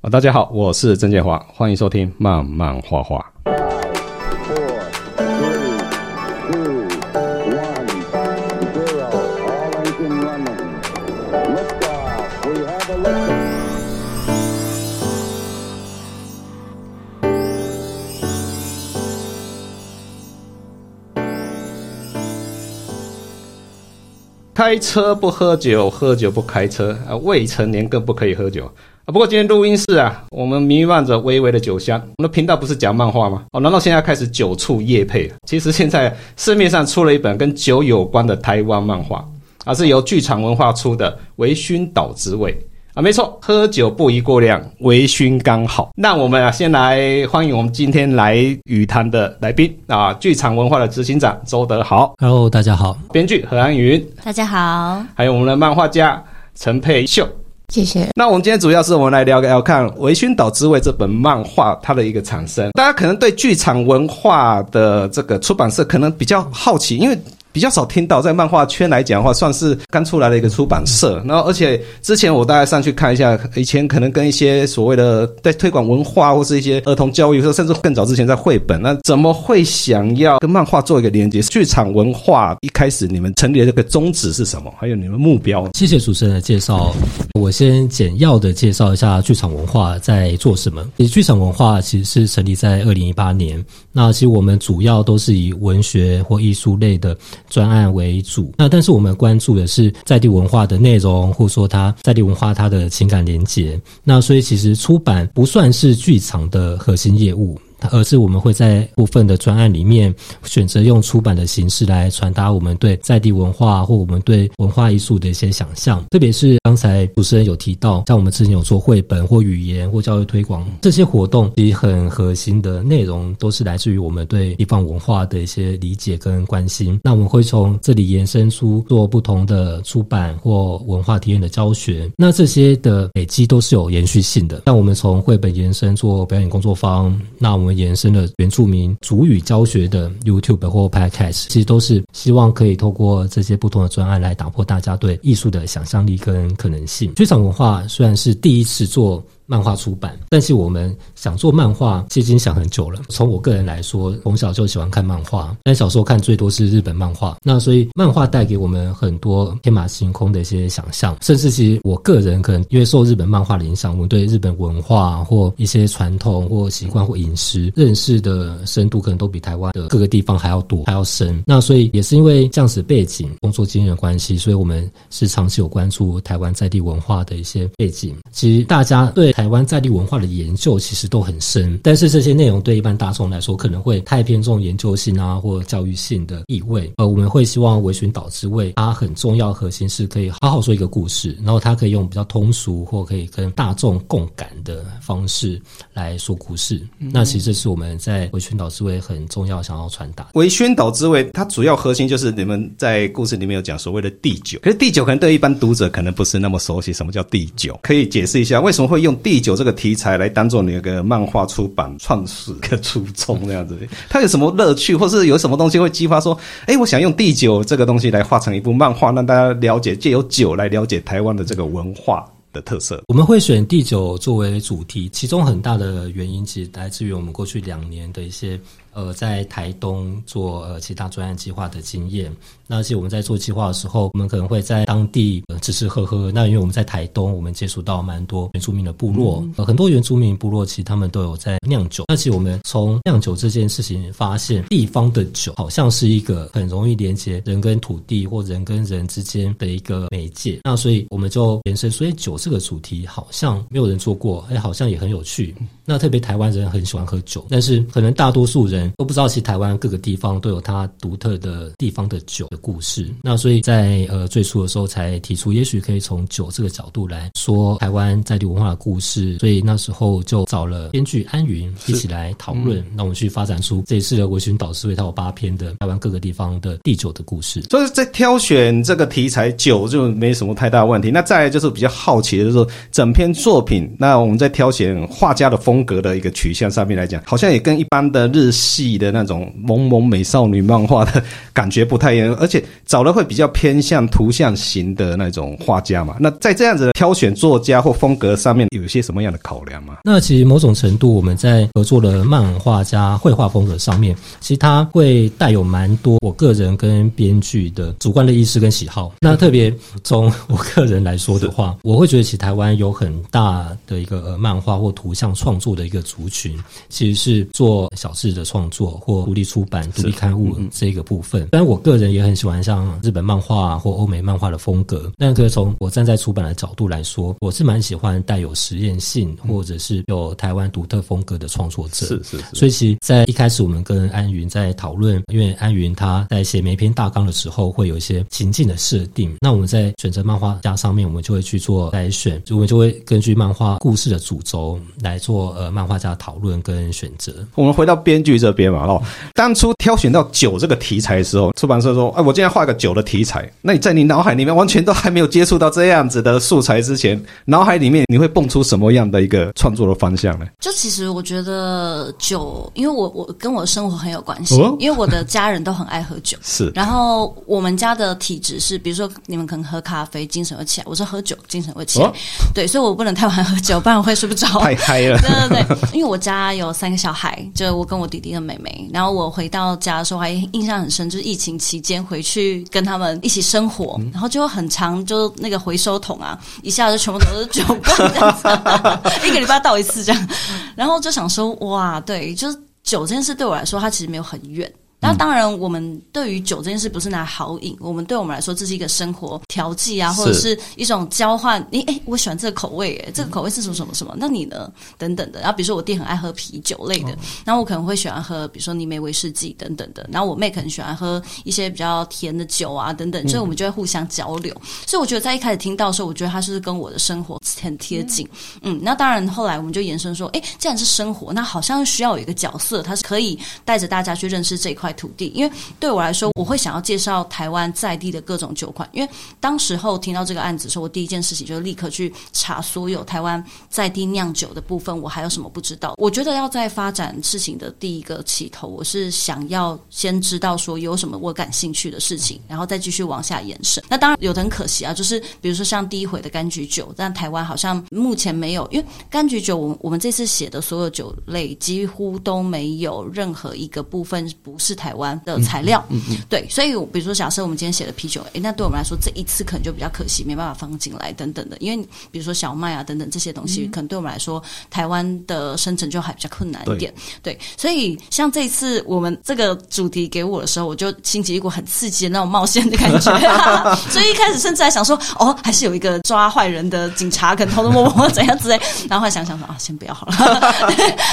啊，大家好，我是鄭建華，歡迎收聽漫漫畫畫。開車不喝酒，喝酒不開車，未成年更不可以喝酒。不過今天錄音室啊，我們彌漫着微微的酒香。我們的頻道不是講漫畫嗎？哦，難道現在開始酒促業配？其實現在市面上出了一本跟酒有關的台灣漫畫，啊，是由聚場文化出的《微醺島之味》啊，沒錯，喝酒不宜過量，微醺剛好。那我們啊，先來歡迎我們今天來與談的來賓啊，聚場文化的執行長周得豪。Hello，大家好。編劇何安妘。大家好。還有我們的漫畫家陳沛珛。謝謝。那我們今天主要是我們來聊聊看《微醺島之味》這本漫畫它的一個產生。大家可能對聚場文化的這個出版社可能比較好奇，因為。比較少聽到，在漫畫圈來講的話，算是剛出來的一個出版社。然後，而且之前我大概上去看一下，以前可能跟一些所謂的在推廣文化或是一些兒童教育，或甚至更早之前在繪本，那怎麼會想要跟漫畫做一個連接？聚場文化一開始你們成立的這個宗旨是什麼？還有你們目標？謝謝主持人的介紹。我先簡要的介紹一下聚場文化在做什麼。你聚場文化其實是成立在二零一八年。那其實我們主要都是以文學或藝術類的。專案為主，那但是我們關注的是在地文化的內容，或說它在地文化它的情感連結。那所以其實出版不算是聚場的核心業務。而是我們會在部分的專案裡面選擇用出版的形式來傳達我們對在地文化或我們對文化藝術的一些想象。特別是剛才主持人有提到，像我們之前有做繪本或語言或教育推廣這些活動，其實很核心的內容都是來自於我們對地方文化的一些理解跟關心。那我們會從這裡延伸出做不同的出版或文化體驗的教學。那這些的累積都是有延續性的。那我們從繪本延伸做表演工作坊，那我們。我們延伸的原住民族語教學的 YouTube 或 Podcast，其實都是希望可以透過這些不同的專案來打破大家對藝術的想象力跟可能性。聚場文化雖然是第一次做。漫畫出版，但是我們想做漫畫其實已經想很久了。從我個人來說，從小就喜歡看漫畫，但小時候看最多是日本漫畫。那所以漫畫帶給我們很多天馬行空的一些想象，甚至其實我個人可能因為受日本漫畫的影響，我們對日本文化或一些傳統或習慣或飲食認識的深度，可能都比台灣的各個地方還要多，還要深。那所以也是因為這樣子背景、工作經驗的關係，所以我們是長期有關注台灣在地文化的一些背景。其實大家對台灣在地文化的研究其實都很深，但是這些內容對一般大眾來說可能會太偏重研究性啊或教育性的意味。呃，我們會希望微醺島之味，它很重要核心是可以好好說一個故事，然後它可以用比較通俗或可以跟大眾共感的方式來說故事。嗯嗯，那其實這是我們在微醺島之味很重要想要傳達。微醺島之味它主要核心就是你們在故事裡面有講所謂的地酒，可是地酒可能對一般讀者可能不是那麼熟悉，什麼叫地酒？可以解釋一下為什麼會用。第酒這個題材來當做你一個漫畫出版創始的初衷，那樣子，它有什麼樂趣，或是有什麼東西會激發說，哎、欸，我想用地酒這個東西來畫成一部漫畫，讓大家了解，借由酒來了解台灣的這個文化的特色。嗯、我們會選地酒作為主題，其中很大的原因其實來自於我們過去兩年的一些。呃，在台東做呃其他專案計劃的經驗，那其實我們在做計劃的時候，我們可能會在當地吃吃喝喝。那因為我們在台東，我們接觸到蠻多原住民的部落。呃，很多原住民部落其實他們都有在釀酒。那其實我們從釀酒這件事情發現，地方的酒好像是一個很容易連接人跟土地或人跟人之間的一個媒介。那所以我們就延伸，所以酒這個主題好像沒有人做過，誒，哎，好像也很有趣。那特別台灣人很喜歡喝酒，但是可能大多數人都不知道，其實台灣各個地方都有它獨特的地方的酒的故事。那所以在呃最初的時候，才提出也許可以從酒這個角度來說台灣在地文化的故事。所以那時候就找了編劇安妘一起來討論，嗯，讓我們去發展出這一次的微醺島之味有八篇的台灣各個地方的地酒的故事。所以在挑選這個題材，酒就沒什麼太大問題。那再來就是比較好奇的就是整篇作品，那我們在挑選畫家的風格。風格的一個取向上面來講，好像也跟一般的日系的那種萌萌美少女漫畫的感覺不太一樣，而且找的會比較偏向圖像型的那種畫家嘛。那在這樣子的挑選作家或風格上面，有一些什麼樣的考量嗎？那其實某種程度我們在合作的漫畫家繪畫風格上面，其實它會帶有蠻多我個人跟編劇的主觀的意識跟喜好。那特別從我個人來說的話，我會覺得其實台灣有很大的一個呃漫畫或圖像創作。做的一個族群其實是做小誌的創作或獨立出版、獨立刊物這個部分。當、嗯、然，我個人也很喜歡像日本漫畫或歐美漫畫的風格。那可以從我站在出版的角度來說，我是蠻喜歡帶有實驗性、嗯、或者是有台灣獨特風格的創作者。是是，是。所以，其實在一開始我們跟安妘在討論，因為安妘他在寫每篇大綱的時候，會有一些情境的設定。那我們在選擇漫畫家上面，我們就會去做篩選，就我們就會根據漫畫故事的主軸來做。呃，漫畫家討論跟選擇，我們回到編劇這邊嘛嘍、哦。當初挑選到酒這個題材的時候，出版社說：“哎，我今天畫個酒的題材。”那你在你腦海裡面完全都還沒有接觸到這樣子的素材之前，腦海裡面你會蹦出什麼樣的一個創作的方向呢？就其實我覺得酒，因為我我，我跟我生活很有關係，因為我的家人都很愛喝酒。是、哦，然後我們家的體質是，比如說你們可能喝咖啡精神會起來，我說喝酒精神會起來，對，所以我不能太晚喝酒，不然會睡不着。太嗨了。 對，因為我家有三個小孩，就我跟我弟弟跟妹妹。然後我回到家的時候還印象很深，就是疫情期間回去跟他們一起生活，然後就很長，就那個回收桶啊，一下就全部都是酒罐，這樣子啊、 一個禮拜倒一次這樣。然後就想說，哇，對，就是酒這件事對我來說，它其實沒有很遠。那當然，我們對於酒這件事不是拿來豪飲。嗯，我們對我們來說，這是一個生活調劑啊，或者是一種交換。你，哎，我喜歡這個口味，欸，誒，這個口味是什麼什麼什麼？嗯？那你呢？等等的。然後比如說我弟很愛喝啤酒類的，哦，然後我可能會喜歡喝比如說尼美威士忌等等的。然後我妹可能喜歡喝一些比較甜的酒啊，等等。所以我們就會互相交流。嗯。所以我覺得在一開始聽到的時候，我覺得他是跟我的生活很貼近。嗯，那，嗯，當然，後來我們就延伸說，哎，既然是生活，那好像需要有一個角色，他是可以帶着大家去認識這一塊土地，因為對我來說，我會想要介紹台灣在地的各種酒款。因為當時候聽到這個案子的時候，我第一件事情就是立刻去查所有台灣在地釀酒的部分。我還有什麼不知道？我覺得要在發展事情的第一個起頭，我是想要先知道說有什麼我感興趣的事情，然後再繼續往下延伸。那當然有的很可惜啊，就是比如說像第一回的柑橘酒，但台灣好像目前沒有，因為柑橘酒我們，我我們這次寫的所有酒類幾乎都沒有任何一個部分不是。台灣的材料、嗯嗯嗯，對，所以我比如說，假設我們今天寫的啤酒，哎、欸，那對我們來說，這一次可能就比較可惜，沒辦法放進來等等的。因為比如說小麥啊等等這些東西，嗯、可能對我們來說，台灣的生產就還比較困難一點對。對，所以像這一次我們這個主題給我的時候，我就興起一股很刺激的那種冒險的感覺、啊， 所以一開始甚至還想說，哦，還是有一個抓壞人的警察，可能偷偷摸摸怎樣之類。然後後來想想說，啊，先不要好了，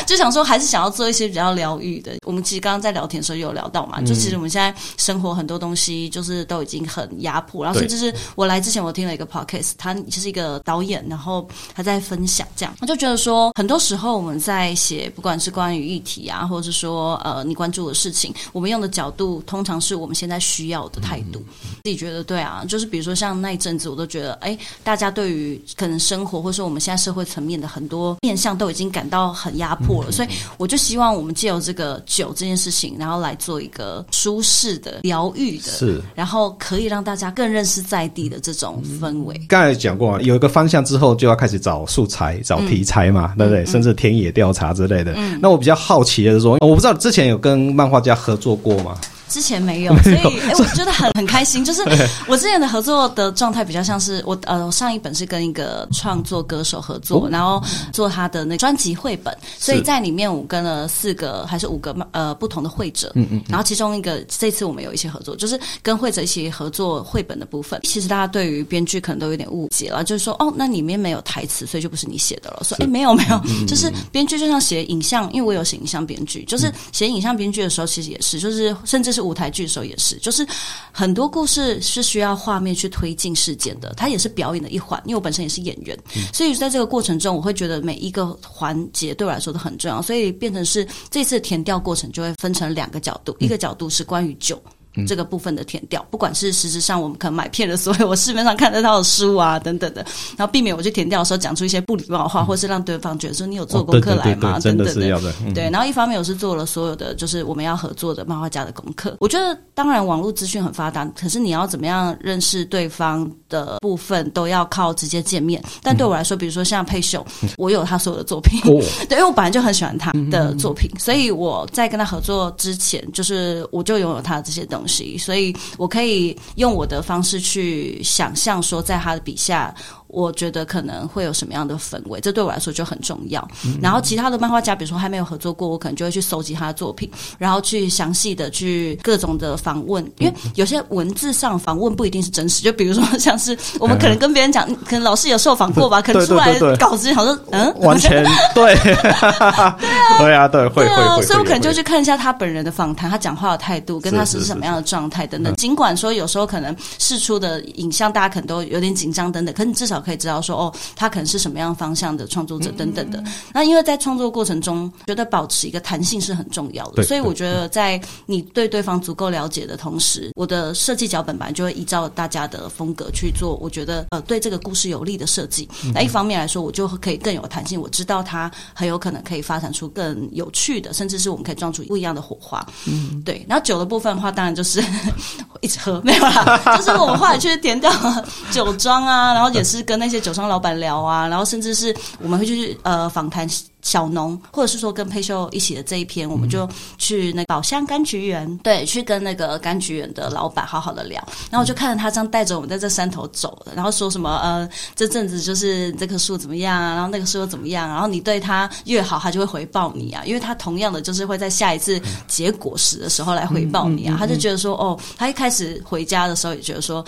就想說還是想要做一些比較療癒的。我們其實剛剛在聊天的時候有。聊到嘛，就其實我們現在生活很多東西就是都已經很壓迫，然後甚至是我來之前，我聽了一個 podcast，他就是一個導演，然後他在分享這樣，我就覺得說，很多時候我們在寫，不管是關於議題啊，或者是說呃你關注的事情，我們用的角度通常是我們現在需要的態度。嗯、自己覺得對啊，就是比如說像那一陣子，我都覺得哎，大家對於可能生活，或是我們現在社會層面的很多面向，都已經感到很壓迫了，嗯、所以我就希望我們借由這個酒這件事情，然後來。做一個舒適的療癒的，是，然後可以讓大家更認識在地的這種氛圍。剛才講過有一個方向之後，就要開始找素材，找題材嘛，嗯、對不對？嗯、甚至田野調查之類的，嗯。那我比較好奇的是說，我不知道之前有跟漫畫家合作過嗎？之前沒有，沒有，所以哎、欸，我覺得很很開心。就是我之前的合作的狀態比較像是，我呃，我上一本是跟一個創作歌手合作、哦，然後做他的那專輯繪本。所以在裡面我跟了四個還是五個呃不同的繪者，嗯嗯。然後其中一個這一次我們有一些合作，就是跟繪者一起合作繪本的部分。其實大家對於編劇可能都有點誤解了，就是說哦，那裡面沒有台詞，所以就不是你寫的了。所以沒有、欸、沒有，沒有嗯，就是編劇就像寫影像，因為我有寫影像編劇，就是寫影像編劇的時候、嗯，其實也是就是甚至是。舞台劇的時候也是，就是很多故事是需要畫面去推進事件的，它也是表演的一環。因為我本身也是演員，嗯、所以在這個過程中，我會覺得每一個環節對我來說都很重要，所以變成是這次的田調過程就會分成兩個角度、嗯，一個角度是關於酒。這個部分的田調，不管是實質上我們可能買遍了所有我市面上看得到的書啊等等的，然後避免我去田調的時候講出一些不禮貌的話、嗯，或是讓對方覺得說你有做功課來嗎？哦、對對對對等等的，的，的、嗯。對，然後一方面我是做了所有的就是我們要合作的漫畫家的功課。我覺得當然網絡資訊很發達，可是你要怎麼樣認識對方的部分都要靠直接見面。但對我來說，比如說像沛珛，我有他所有的作品，哦、 對，因為我本來就很喜歡他的作品，所以我在跟他合作之前，就是我就擁有他的這些東西。所以，我可以用我的方式去想象，說在他的筆下。我覺得可能會有什麼樣的氛圍，這對我來說就很重要。嗯、然後其他的漫畫家，比如說還沒有合作過，我可能就會去蒐集他的作品，然後去詳細的去各種的訪問，因為有些文字上訪問不一定是真實。就比如說像是我們可能跟別人講、嗯，可能老師有受訪過吧、嗯，可能出來稿子好像嗯完全 對 對啊對啊對，對，啊對，啊對，對，啊對會對啊會，會。所以，我可能就去看一下他本人的訪談，他講話的態度，跟他實是什麼樣的狀態等等。儘、嗯、管說有時候可能釋出的影像大家可能都有點緊張等等，可是你至少，可以知道說哦，他可能是什麼樣方向的創作者等等的。那因為在創作過程中，覺得保持一個彈性是很重要的。所以我覺得，在你對對方足夠了解的同時，我的設計腳本本來就會依照大家的風格去做。我覺得呃，對這個故事有利的設計，那一方面來說，我就可以更有彈性。我知道它很有可能可以發展出更有趣的，甚至是我們可以撞出不一樣的火花。嗯,嗯，對。然後酒的部分的話，當然就是 一直喝沒有啦。就是我們後來去田調了酒莊啊，然後也是。跟那些酒商老板聊啊，然後甚至是我們會去呃訪談小農，或者是說跟沛珛一起的這一篇，嗯、我們就去那個寶箱柑橘園，對，去跟那個柑橘園的老板好好的聊。然後我就看到他這樣帶着我們在這山頭走，然後說什麼呃，這陣子就是這棵樹怎麼樣啊，然後那個樹又怎麼樣？然後你對他越好，他就會回報你啊，因為他同樣的就是會在下一次結果時的時候來回報你啊。他就覺得說，哦，他一開始回家的時候也覺得說。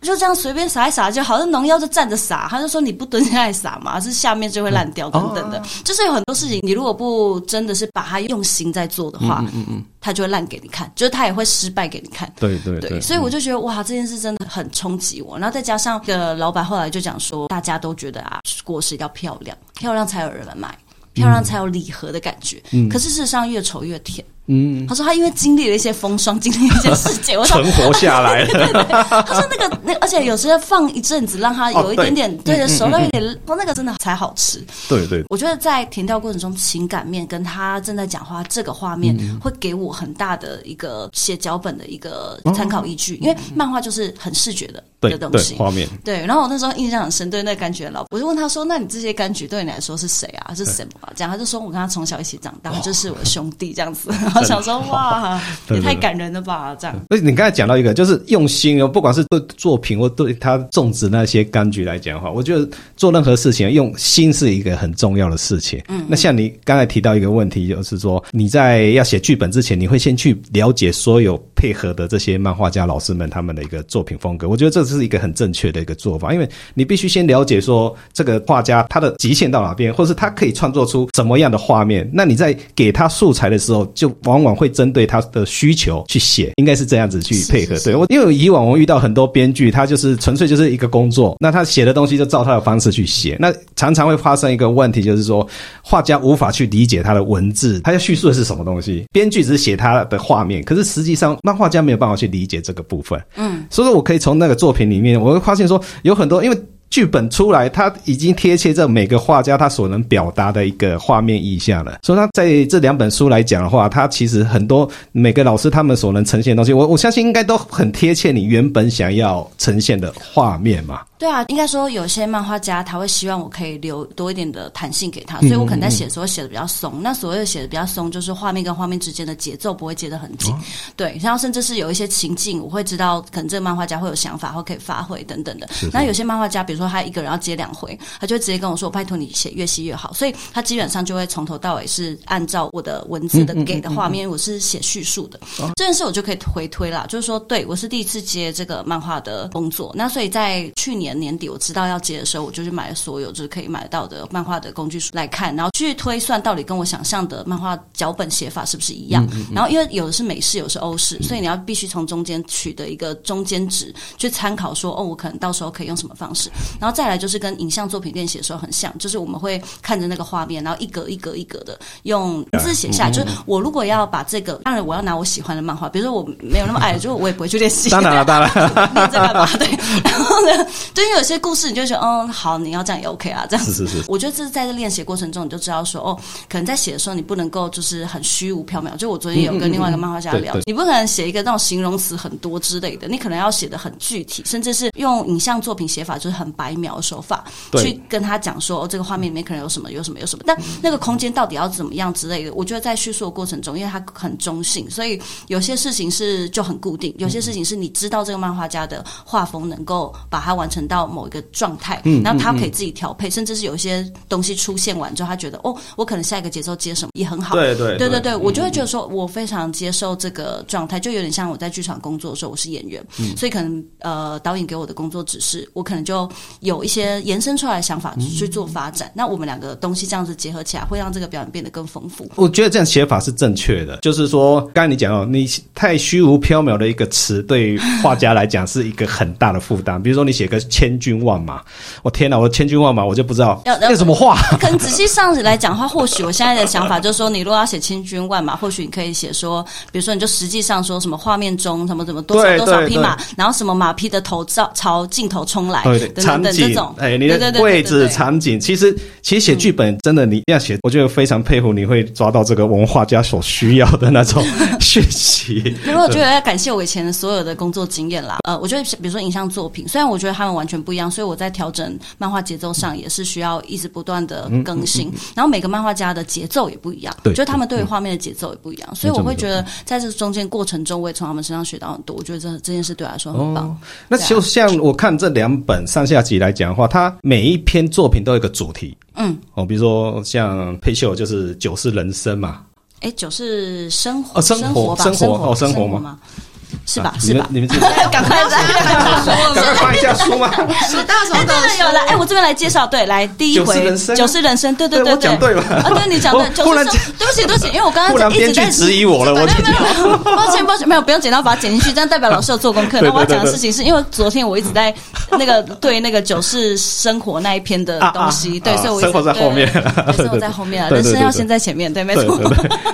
就這樣隨便撒一撒，就好像農藥就站着撒。他就說你不蹲下來撒嘛，是下面就會爛掉等等的、哦啊。就是有很多事情，你如果不真的是把它用心在做的話，嗯嗯它、嗯、就會爛給你看，就是它也會失敗給你看。對對對，對，所以我就覺得、嗯、哇，這件事真的很衝擊我。然後再加上呃，老闆後來就講說，大家都覺得啊，果實要漂亮，漂亮才有人來買，漂亮才有禮盒的感覺、嗯。可是事實上越醜越甜。嗯，他說他因為經歷了一些風霜，經歷了一些事情，我想 存活下來 對，對，對。他說那個那，而且有時候放一陣子，讓他有一點點對的時候，那有點，嗯嗯嗯，那個真的才好吃。對對，我覺得在田調過程中，情感面跟他正在講話這個畫面，會給我很大的一個寫腳本的一個參考依據，嗯。因為漫畫就是很視覺的對。的東西，畫面。對，然後我那時候印象很深，對那柑橘的老婆，我就問他說：“那你這些柑橘對你來說是誰啊？是什麼？”這樣，他就說：“我跟他從小一起長大，就是我兄弟這樣子。”小時候哇，也太感人了吧！對對對！這樣，而且你剛才講到一個，就是用心哦，不管是對作品或對他種植那些柑橘來講的話，我覺得做任何事情用心是一個很重要的事情。嗯，嗯，那像你剛才提到一個問題，就是說你在要寫劇本之前，你會先去了解所有。配合的這些漫畫家老師們他們的一個作品風格，我覺得這是一個很正確的一個做法，因為你必須先了解說這個畫家他的極限到哪邊，或是他可以創作出什麼樣的畫面。那你在給他素材的時候，就往往會針對他的需求去寫，應該是這樣子去配合。對，因為以往我們遇到很多編劇，他就是純粹就是一個工作，那他寫的東西就照他的方式去寫，那常常會發生一個問題，就是說畫家無法去理解他的文字，他要敘述的是什麼東西，編劇只是寫他的畫面，可是實際上。畫家沒有辦法去理解這個部分，嗯，所以說我可以從那個作品裡面，我會發現說有很多，因為。劇本出來，他已經貼切這每個畫家他所能表達的一個畫面意象了。所以，他在這兩本書來講的話，他其實很多每個老師他們所能呈現的東西，我我相信應該都很貼切你原本想要呈現的畫面嘛。對啊，應該說有些漫畫家他會希望我可以留多一點的彈性給他，所以我可能在寫的時候寫的比較鬆。嗯嗯嗯。那所謂的寫的比較鬆，就是畫面跟畫面之間的節奏不會接得很緊。哦。對，然後甚至是有一些情境，我會知道可能這個漫畫家會有想法或可以發揮等等的、的。那有些漫畫家，比如。說他一個人要接兩回，他就直接跟我說：“拜託你寫越細越好。”所以他基本上就會從頭到尾是按照我的文字的給的畫面我的，嗯嗯嗯嗯嗯嗯嗯。我是寫敘述的，哦，這件、個、事我就可以回推啦。就是說，對我是第一次接這個漫畫的工作，那所以在去年年底我知道要接的時候，我就去買了所有就是可以買到的漫畫的工具書來看，然後去推算到底跟我想象的漫畫腳本寫法是不是一樣，嗯嗯嗯。然後因為有的是美式，有的是歐式，所以你要必須從中間取得一個中間值去參考說，說哦，我可能到時候可以用什麼方式。然後再來就是跟影像作品練習的時候很像，就是我們會看着那個畫面，然後一格一格一格的用字寫下來。就是我如果要把這個，當然我要拿我喜歡的漫畫，比如說我沒有那麼愛，就我也不會去練習。當然了，當然了，嘛，對。對然後呢，就因為有些故事，你就會覺得嗯、哦，好，你要這樣也 OK 啊，這樣是是是。我覺得這是在這練習過程中，你就知道說，哦，可能在寫的時候你不能夠就是很虛無縹緲。就我昨天有跟另外一個漫畫家聊， 你不可能寫一個那種形容詞很多之類的，你可能要寫得很具體，甚至是用影像作品寫法，就是很。白描手法，對，去跟他講說，哦，這個畫面裡面可能有什麼，有什麼，有什麼，但那個空間到底要怎麼樣之類的。我覺得在敘述的過程中，因為他很中性，所以有些事情是就很固定，有些事情是你知道這個漫畫家的畫風能夠把它完成到某一個狀態，嗯，然後他可以自己調配，嗯嗯、甚至是有一些東西出現完之後，他覺得哦，我可能下一個節奏接什麼也很好。對對，對對對對，我就會覺得說，我非常接受這個狀態，就有點像我在劇場工作的時候，我是演員，嗯，所以可能呃，導演給我的工作指示，我可能就。有一些延伸出來的想法去做發展，嗯、那我們兩個東西這樣子結合起來，會讓這個表演變得更豐富。我覺得這樣寫法是正確的，就是說，剛才你講哦，你太虛無縹緲的一個詞，對於畫家來講是一個很大的負擔。 比如說，你寫個千軍萬馬， 我天哪，我千軍萬馬，我就不知道要怎、啊啊、麼畫。可能仔細上來來講的話， 或許我現在的想法就是說，你如果要寫千軍萬馬，或許你可以寫說，比如說你就實際上說什麼畫面中什麼什麼什麼多少多少，對對對多少匹馬，然後什麼馬匹的頭朝朝鏡頭衝來，對對，對。等等場景，哎、欸，你的櫃子、場景，對對對對對對對，其實，其實寫劇本真的你，你要寫，我就非常佩服，你會抓到這個文化家所需要的那種。 學習，因為我覺得要感謝我以前所有的工作經驗啦。呃，我覺得比如說影像作品，雖然我覺得他們完全不一樣，所以我在調整漫畫節奏上也是需要一直不斷的更新。然後每個漫畫家的節奏也不一樣， 對，對，就他們對於畫面的節奏也不一樣，所以我會覺得在這中間過程中，我也從他們身上學到很多。我覺得這這件事對我來，來說很棒、哦。啊嗯、那就像我看這兩本上下集來講的話，它每一篇作品都有一個主題。嗯，哦，比如說像沛珛就是酒是人生嘛。哎、欸，酒、就是生活、哦、生活，生活吧，生活，哦，生活嗎？是吧？是吧？你們趕 快來、啊，趕快翻一下書嘛！說到什麼都有來，哎，我這邊來介紹。對，來第一回九世人生、啊，對對對對，對，對，對啊！對你講對，對，突然，然對，對，對，生對不起對不起，因為我剛剛一直在質疑我了，我沒沒有沒有沒有抱歉抱歉，沒有不用剪刀把它剪進去，這樣代表老師有做功課。那我要講的事情是因為昨天我一直在那個對那個九世生活那一篇的東西，對，所以我一直在後面，對，對。在後面，人生要先在前面，對，沒錯，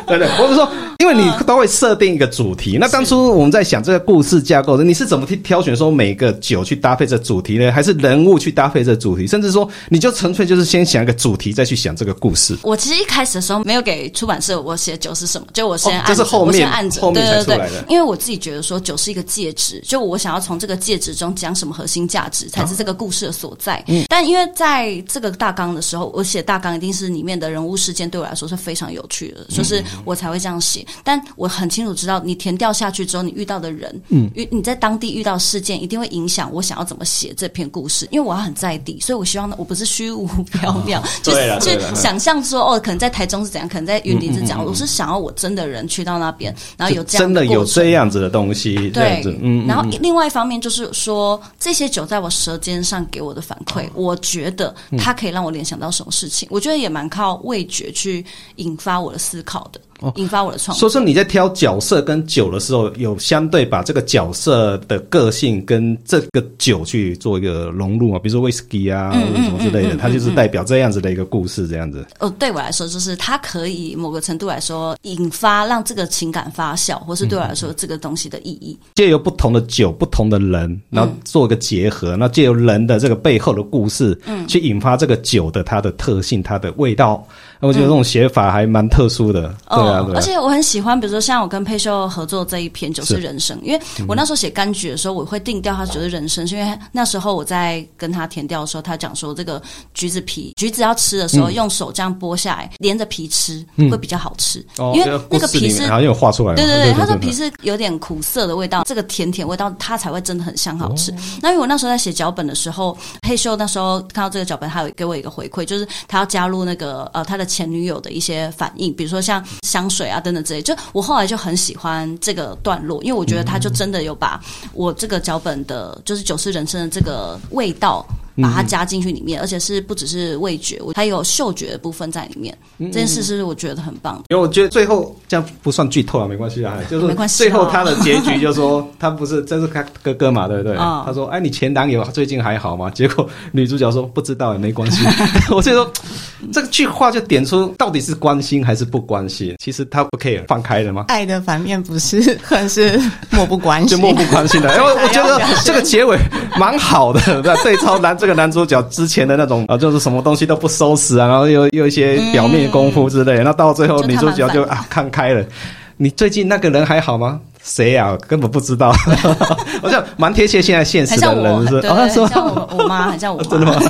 對對，我是說，因為你都會設定一個主題，那當初我們在想。這個故事架構的你是怎麼去挑選說每個酒去搭配這主題呢？還是人物去搭配這主題？甚至說你就純粹就是先想一個主題，再去想這個故事。我其實一開始的時候沒有給出版社我寫酒是什麼，就我先按，就、哦、是後面，我先按着，對對對，因為我自己覺得說酒是一個介質，就我想要從這個介質中講什麼核心價值才是這個故事的所在、啊。嗯，但因為在這個大綱的時候，我寫大綱一定是裡面的人物事件對我來說是非常有趣的，嗯嗯嗯，所以是我才會這樣寫。但我很清楚知道，你填掉下去之後，你遇到的。人，嗯，因你在當地遇到事件，一定會影響我想要怎麼寫這篇故事。因為我要很在地，所以我希望呢，我不是虛無縹緲、哦，就是就是想象說哦，可能在台中是怎樣，可能在雲林是怎樣、嗯嗯嗯。我是想要我真的人去到那邊，然後有這樣的真的有這樣子的東西，對嗯，嗯。然後另外一方面就是說，這些酒在我舌尖上給我的反饋、哦，我覺得它可以讓我聯想到什麼事情。嗯、我覺得也蠻靠味覺去引發我的思考的。引發我的創作、哦。所以說你在挑角色跟酒的時候，有相對把這個角色的個性跟這個酒去做一個融入啊，比如說威士忌啊或者、嗯、什麼之類的、嗯嗯嗯，它就是代表這樣子的一個故事，這樣子、嗯嗯嗯嗯。哦，對我來說就是它可以某個程度來說引發讓這個情感發酵，或是對我來說這個東西的意義。借、嗯嗯、由不同的酒、不同的人，然後做一個結合，那、嗯、借由人的這個背後的故事，嗯，去引發這個酒的它的特性、它的味道。那我覺得這種寫法還蠻特殊的。嗯對啊對啊，而且我很喜歡，比如說像我跟沛珛合作這一篇《就是人生》，因為我那時候寫柑橘的時候，我會定調它就是人生，是因為那時候我在跟他田調的時候，他講說這個橘子皮，橘子要吃的時候用手這樣剝下來，連着皮吃、嗯、會比較好吃、嗯，因為那個皮是還有畫出來的。對對對，他說皮是有點苦澀的味道，這個甜甜味道它才會真的很香好吃。那因為我那時候在寫腳本的時候，沛珛那時候看到這個腳本，他有給我一個回饋，就是他要加入那個呃他的前女友的一些反應，比如說像。香水啊，等等之類，就我後來就很喜歡這個段落，因為我覺得他就真的有把我這個腳本的，就是九世人生的這個味道。嗯、把它加進去裡面，而且是不只是味覺，我還有嗅覺的部分在裡面。嗯嗯這件事是我覺得很棒，因為我覺得最後這樣不算劇透啊，沒關係啊，就是最後他的結局就是說 他不是這是他哥哥嘛，對不對、哦？他說：“哎，你前男友最近還好嗎？”結果女主角說：“不知道，也沒關係。 ”我就說這個句話就點出到底是關心還是不關心。其實他不 care，放開的嗎？愛的反面不是恨，是漠不關心，就漠不關心的。因 為、呃、我覺得這個結尾蠻好的，對，對超男這。 這個男主角之前的那種啊，就是什麼東西都不收拾啊，然後又又一些表面功夫之類、嗯，那到最後女主角就，就啊看開了。你最近那個人還好嗎？誰呀、啊？根本不知道， 我就蠻貼切現在現實的人是吧？他說：“我媽很像我。”真的嗎？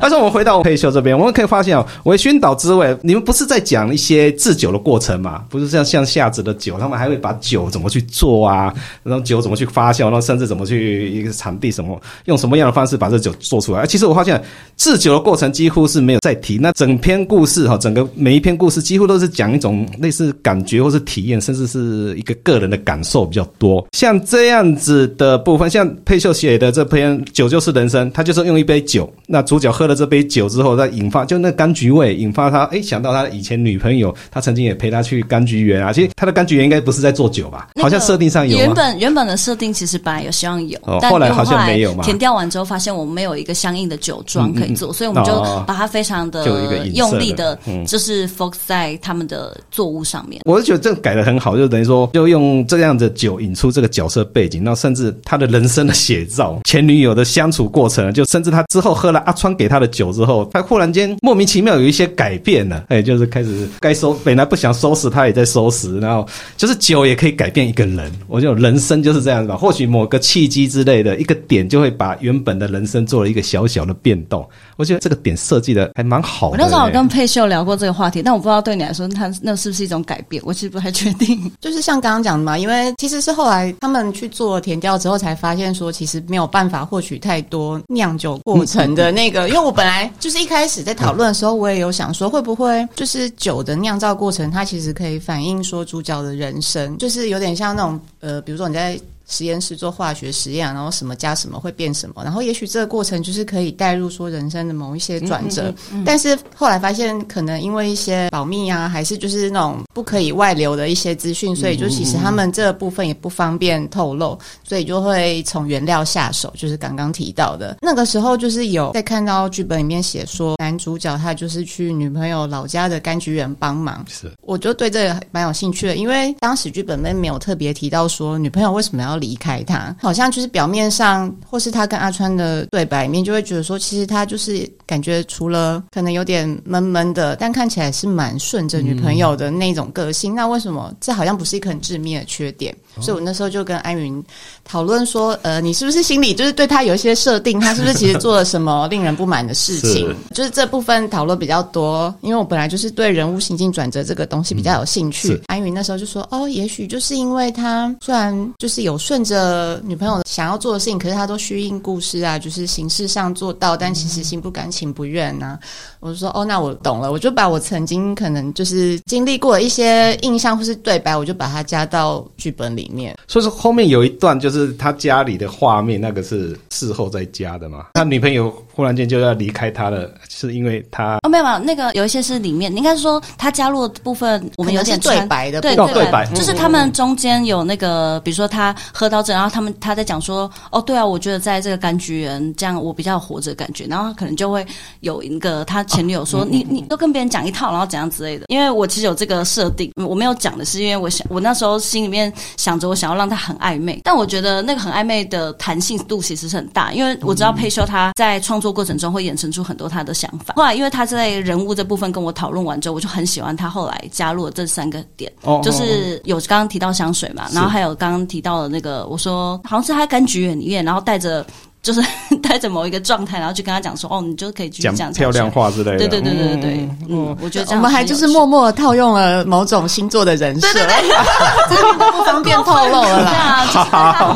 但說：“那我們回到沛珛這邊，我們可以發現哦，微醺島之味，你們不是在講一些製酒的過程嘛？不是像像夏子的酒，他們還會把酒怎麼去做啊？然後酒怎麼去發酵，然後甚至怎麼去一個產地，什麼用什麼樣的方式把這酒做出來？其實我發現製酒的過程幾乎是沒有在提。那整篇故事哈，整個每一篇故事幾乎都是講一種類似感覺或是體驗，甚至是一個個人的感受。”受比較多，像這樣子的部分，像沛珛寫的這篇《酒就是人生》，他就是用一杯酒，那主角喝了這杯酒之後，再引發就那柑橘味，引發他哎、欸、想到他以前女朋友，他曾經也陪他去柑橘園啊。其實他的柑橘園應該不是在做酒吧，那個，好像設定上有。原本原本的設定其實本來有希望有，哦，但後來好像沒有嘛。填掉完之後，發現我們沒有一個相應的酒莊可以做嗯嗯嗯，所以我們就把它非常的哦哦用力的，就是 focus 在他們的作物上面。我就覺得這改的很好，就等於說就用這樣子。的酒引出這個角色背景，那甚至他的人生的寫照、前女友的相處過程，就甚至他之後喝了阿川給他的酒之後，他忽然間莫名其妙有一些改變了，哎、欸，就是開始該收，本來不想收拾他也在收拾，然後就是酒也可以改變一個人。我覺得人生就是這樣子，吧，或許某個契機之類的一個點就會把原本的人生做了一個小小的變動。我覺得這個點設計的還蠻好的。那時候我跟沛珛聊過這個話題，但我不知道對你來說他那是不是一種改變，我其實不太確定。就是像剛剛講的嘛，因為其實是後來他們去做田調，之後，才發現說其實沒有辦法獲取太多釀酒過程的那個。因為我本來就是一開始在討論的時候，我也有想說會不會就是酒的釀造過程，它其實可以反映說主角的人生，就是有點像那種呃，比如說你在。實驗室做化學實驗啊，然後什麼加什麼會變什麼，然後也許這個過程就是可以帶入說人生的某一些轉折。嗯嗯嗯嗯。但是後來發現，可能因為一些保密啊，還是就是那種不可以外流的一些資訊，所以就其實他們這個部分也不方便透露，所以就會從原料下手。就是剛剛提到的那個時候，就是有在看到劇本裡面寫說男主角他就是去女朋友老家的柑橘園幫忙。是，我就對這個蠻有興趣的，因為當時劇本裡面沒有特別提到說女朋友為什麼要。離開他，好像就是表面上，或是他跟阿川的對白裡面，就會覺得說，其實他就是。感覺除了可能有點悶悶的，但看起來是蠻順着女朋友的那種個性。嗯、那為什麼這好像不是一個很致命的缺點？哦、所以我那時候就跟安妘討論說：“呃，你是不是心裡就是對他有一些設定？他是不是其實做了什麼令人不滿的事情 ？”就是這部分討論比較多，因為我本來就是對人物行徑轉折這個東西比較有興趣。嗯、安妘那時候就說：“哦，也許就是因為他雖然就是有順着女朋友想要做的事情，可是他都虛應故事啊，就是形式上做到，但其實心不甘情。”情不願吶、啊，我就說哦，那我懂了，我就把我曾經可能就是經歷過一些印象或是對白，我就把它加到劇本裡面。所以說後面有一段就是他家裡的畫面，那個是事後再加的嘛？他女朋友。 忽然間就要離開他了，是因為他哦沒有沒有那個有一些是裡面，應該是說他加入的部分我們有，有點對白的，對對、哦、對嗯嗯嗯，就是他們中間有那個，比如說他喝到這，然後他們他在講說哦對啊，我覺得在這個柑橘園這樣我比較活着感覺，然後可能就會有一個他前女友說、啊、嗯嗯嗯，你你都跟別人講一套，然後怎樣之類的，因為我其實有這個設定，我沒有講的是因為我想，我那時候心裡面想着我想要讓他很曖昧，但我覺得那個很曖昧的彈性度其實是很大，因為我知道沛珛他在創。做過程中會衍生出很多他的想法。後來，因為他在人物這部分跟我討論完之後，我就很喜歡他。後來加入了這三個點，就是有剛剛提到香水嘛，然後還有剛剛提到的那個，我說好像是他柑橘園裡面，然後帶着。就是帶着某一個狀態，然後去跟他講說：“哦，你就可以去講漂亮話之類的。”對對對對對嗯、嗯，我覺得我們還就是默默套用了某種星座的人設。真、嗯、的、嗯、 不方便透露 了啦， 就是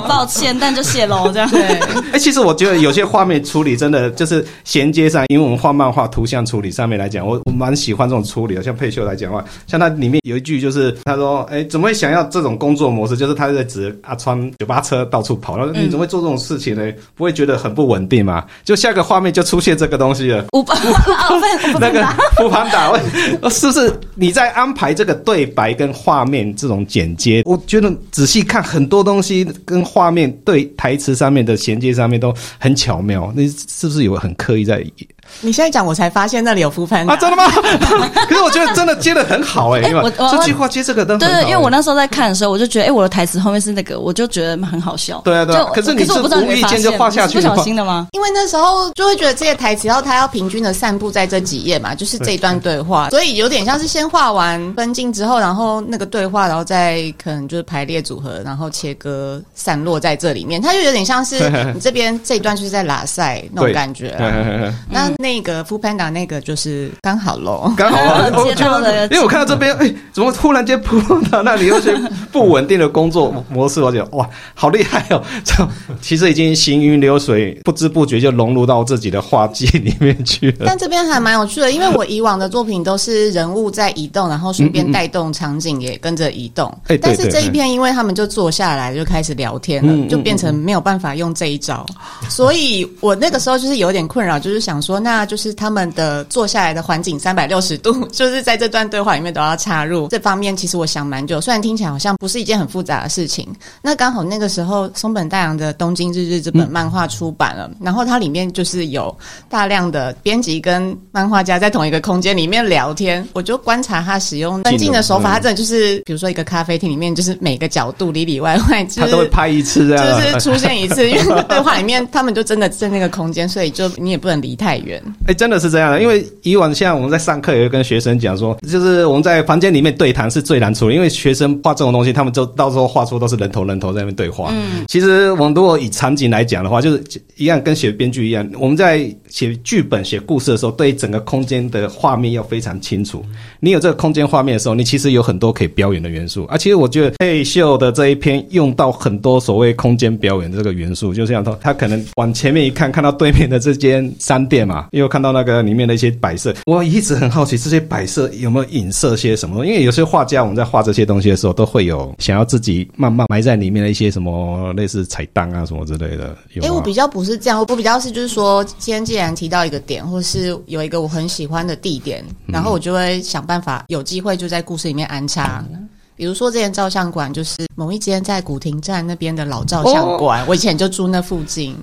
很抱歉， 但就泄露這樣。對，哎、欸，其實我覺得有些畫面處理真的就是銜接上，因為我們畫漫畫、圖像處理上面來講，我我蠻喜歡這種處理的。像沛珛來講的話，像他裡面有一句就是他說：“哎、欸，怎麼會想要這種工作模式？就是他在指阿川、啊、酒吧車到處跑，然後你怎麼會做這種事情呢？不會。”覺得很不穩定嘛？就下個畫面就出現這個東西了，盤 打 那個復盤打問，不不不 是不是你在安排這個對白跟畫面這種剪接？我覺得仔細看很多東西跟畫面、對台詞上面的銜接上面都很巧妙，那是不是有很刻意在意？你現在講，我才發現那裡有復盤啊！真的嗎？ 可是我覺得真的接得很好哎、欸欸！我這句話接這個，燈、欸。對，因為我那時候在看的時候，我就覺得，哎、欸，我的台詞後面是那個，我就覺得很好笑。對啊，對啊，可是，你是可是我不知道無意間就畫下去了，不小心的嗎？因為那時候就會覺得這些台詞，然後它要平均的散布在這幾頁嘛，就是這一段對話，對所以有點像是先畫完分鏡之後，然後那個對話，然後再可能就是排列組合，然後切割散落在這裡面，它就有點像是你這邊這一段就是在拉賽那種感覺、啊對對對對，那。嗯那個副班長，那個就是剛好嘍，剛好、啊、 因為我看到這邊，哎、欸，怎麼忽然間撲到那裡有些不穩定的工作模式？ 我覺得哇，好厲害哦！就，其實已經行雲流水，不知不覺就融入到自己的畫技裡面去了。但這邊還蠻有趣的，因為我以往的作品都是人物在移動，然後順便帶動場景也跟着移動，嗯嗯嗯。但是這一篇，因為他們就坐下來就開始聊天了嗯嗯嗯嗯，就變成沒有辦法用這一招。所以我那個時候就是有點困擾，就是想說。那就是他們的坐下來的環境三百六十度，就是在這段對話裡面都要插入這方面。其實我想蠻久，雖然聽起來好像不是一件很複雜的事情。那剛好那個時候，松本大洋的《東京日日》這本漫畫出版了、嗯，然後它裡面就是有大量的編輯跟漫畫家在同一個空間裡面聊天。我就觀察他使用分鏡的手法，他真的就是，比如說一個咖啡廳裡面，就是每個角度裡裡外外，他都會拍一次，這樣。就是出現一次。因為對話裡面，他們就真的在那個空間，所以就你也不能離太遠。哎、欸，真的是這樣的。因為以往，像我們在上課也會跟學生講說，就是我們在房間裡面對談是最難處理，因為學生畫這種東西，他們就到時候畫出都是人頭人頭在那邊對話。嗯，其實我們如果以場景來講的話，就是一樣跟寫編劇一樣，我們在寫劇本、寫故事的時候，對整個空間的畫面要非常清楚、嗯。你有這個空間畫面的時候，你其實有很多可以表演的元素。而、啊、其實我覺得沛、hey、秀的這一篇用到很多所謂空間表演的這個元素，就是這樣說他可能往前面一看，看到對面的這間商店嘛。因為我看到那個裡面的一些擺設，我一直很好奇這些擺設有沒有影射些什麼？因為有些畫家，我們在畫這些東西的時候，都會有想要自己慢慢埋在裡面的一些什麼類似彩蛋啊什麼之類的。哎、欸，我比較不是這樣，我比較是就是說，今天既然提到一個點，或是有一個我很喜歡的地點，然後我就會想辦法有機會就在故事裡面安插、嗯。比如說這間照相館，就是某一間在古亭站那邊的老照相館、哦，我以前就住那附近。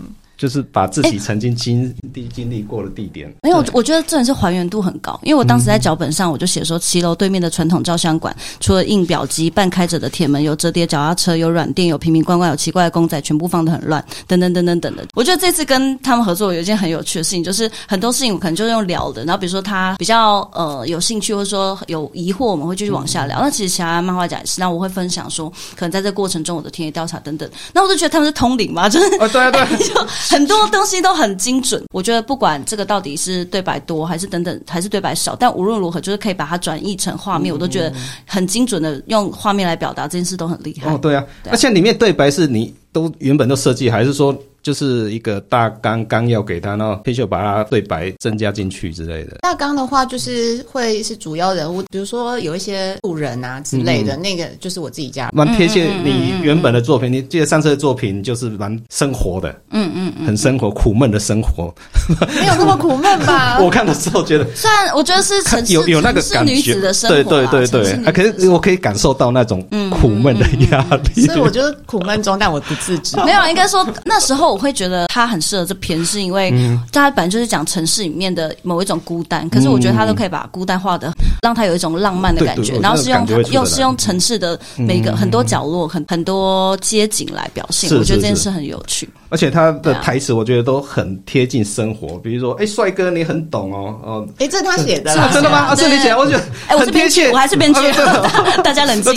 就是把自己曾經經經歷過的地點，因、欸、為、欸、我我覺得這人是還原度很高，因為我當時在腳本上我就寫說，騎、嗯、樓對面的傳統照相館，除了印表機、半開着的鐵門、有折疊腳踏車、有軟墊、有瓶瓶罐罐、有奇怪的公仔，全部放得很亂，等、等等等等等的。我覺得這次跟他們合作有一件很有趣的事情，就是很多事情我可能就用聊的，然後比如說他比較呃有興趣，或者說有疑惑，我們會繼續往下聊、嗯。那其實其他漫畫家也是，那我會分享說，可能在這個過程中我的田野調查等等。那我就覺得他們是通靈嘛，就是、欸、啊，對啊。欸 很多東西都很精準，我覺得不管這個到底是對白多還是等等，還是對白少，但無論如何，就是可以把它轉譯成畫面，嗯，我都覺得很精準的用畫面來表達這件事都很厲害。哦，對啊，那像、啊、裡面對白是你都原本都設計，還是說？就是一個大綱綱要給他，然後沛珛把他對白增加進去之類的。大綱的話，就是會是主要人物，比如說有一些路人啊之類的嗯嗯。那個就是我自己家，蠻貼切你原本的作品。你記得上次的作品就是蠻生活的，嗯嗯很生活，苦悶的生活。沒、嗯嗯嗯嗯嗯、 有那麼苦悶吧？ 我看的時候覺得，雖然我覺得是，是有有那個感是，女、啊、對對對對是女子的生活，對對對對，可是我可以感受到那種苦悶的壓力嗯嗯嗯嗯嗯嗯。所以我覺得苦悶中， 但我不自知。 沒有，應該說那時候。我會覺得他很適合這篇，是因為他本來就是講城市裡面的某一種孤單，可是我覺得他都可以把孤單畫的讓他有一種浪漫的感覺，對對對，然後是用他又是用城市的每個、嗯、很多角落、很、嗯、很多街景來表現是是是，我覺得這件事很有趣。而且他的台詞我覺得都很貼近生活、啊，比如說：“哎、欸，帥哥，你很懂哦。”哦，哎、欸，這他是他寫的是，真的嗎？啊對對對、啊、是你寫的？對對對。我覺得哎，很貼切，欸、我是編劇，我還是編劇、啊啊。大家冷靜，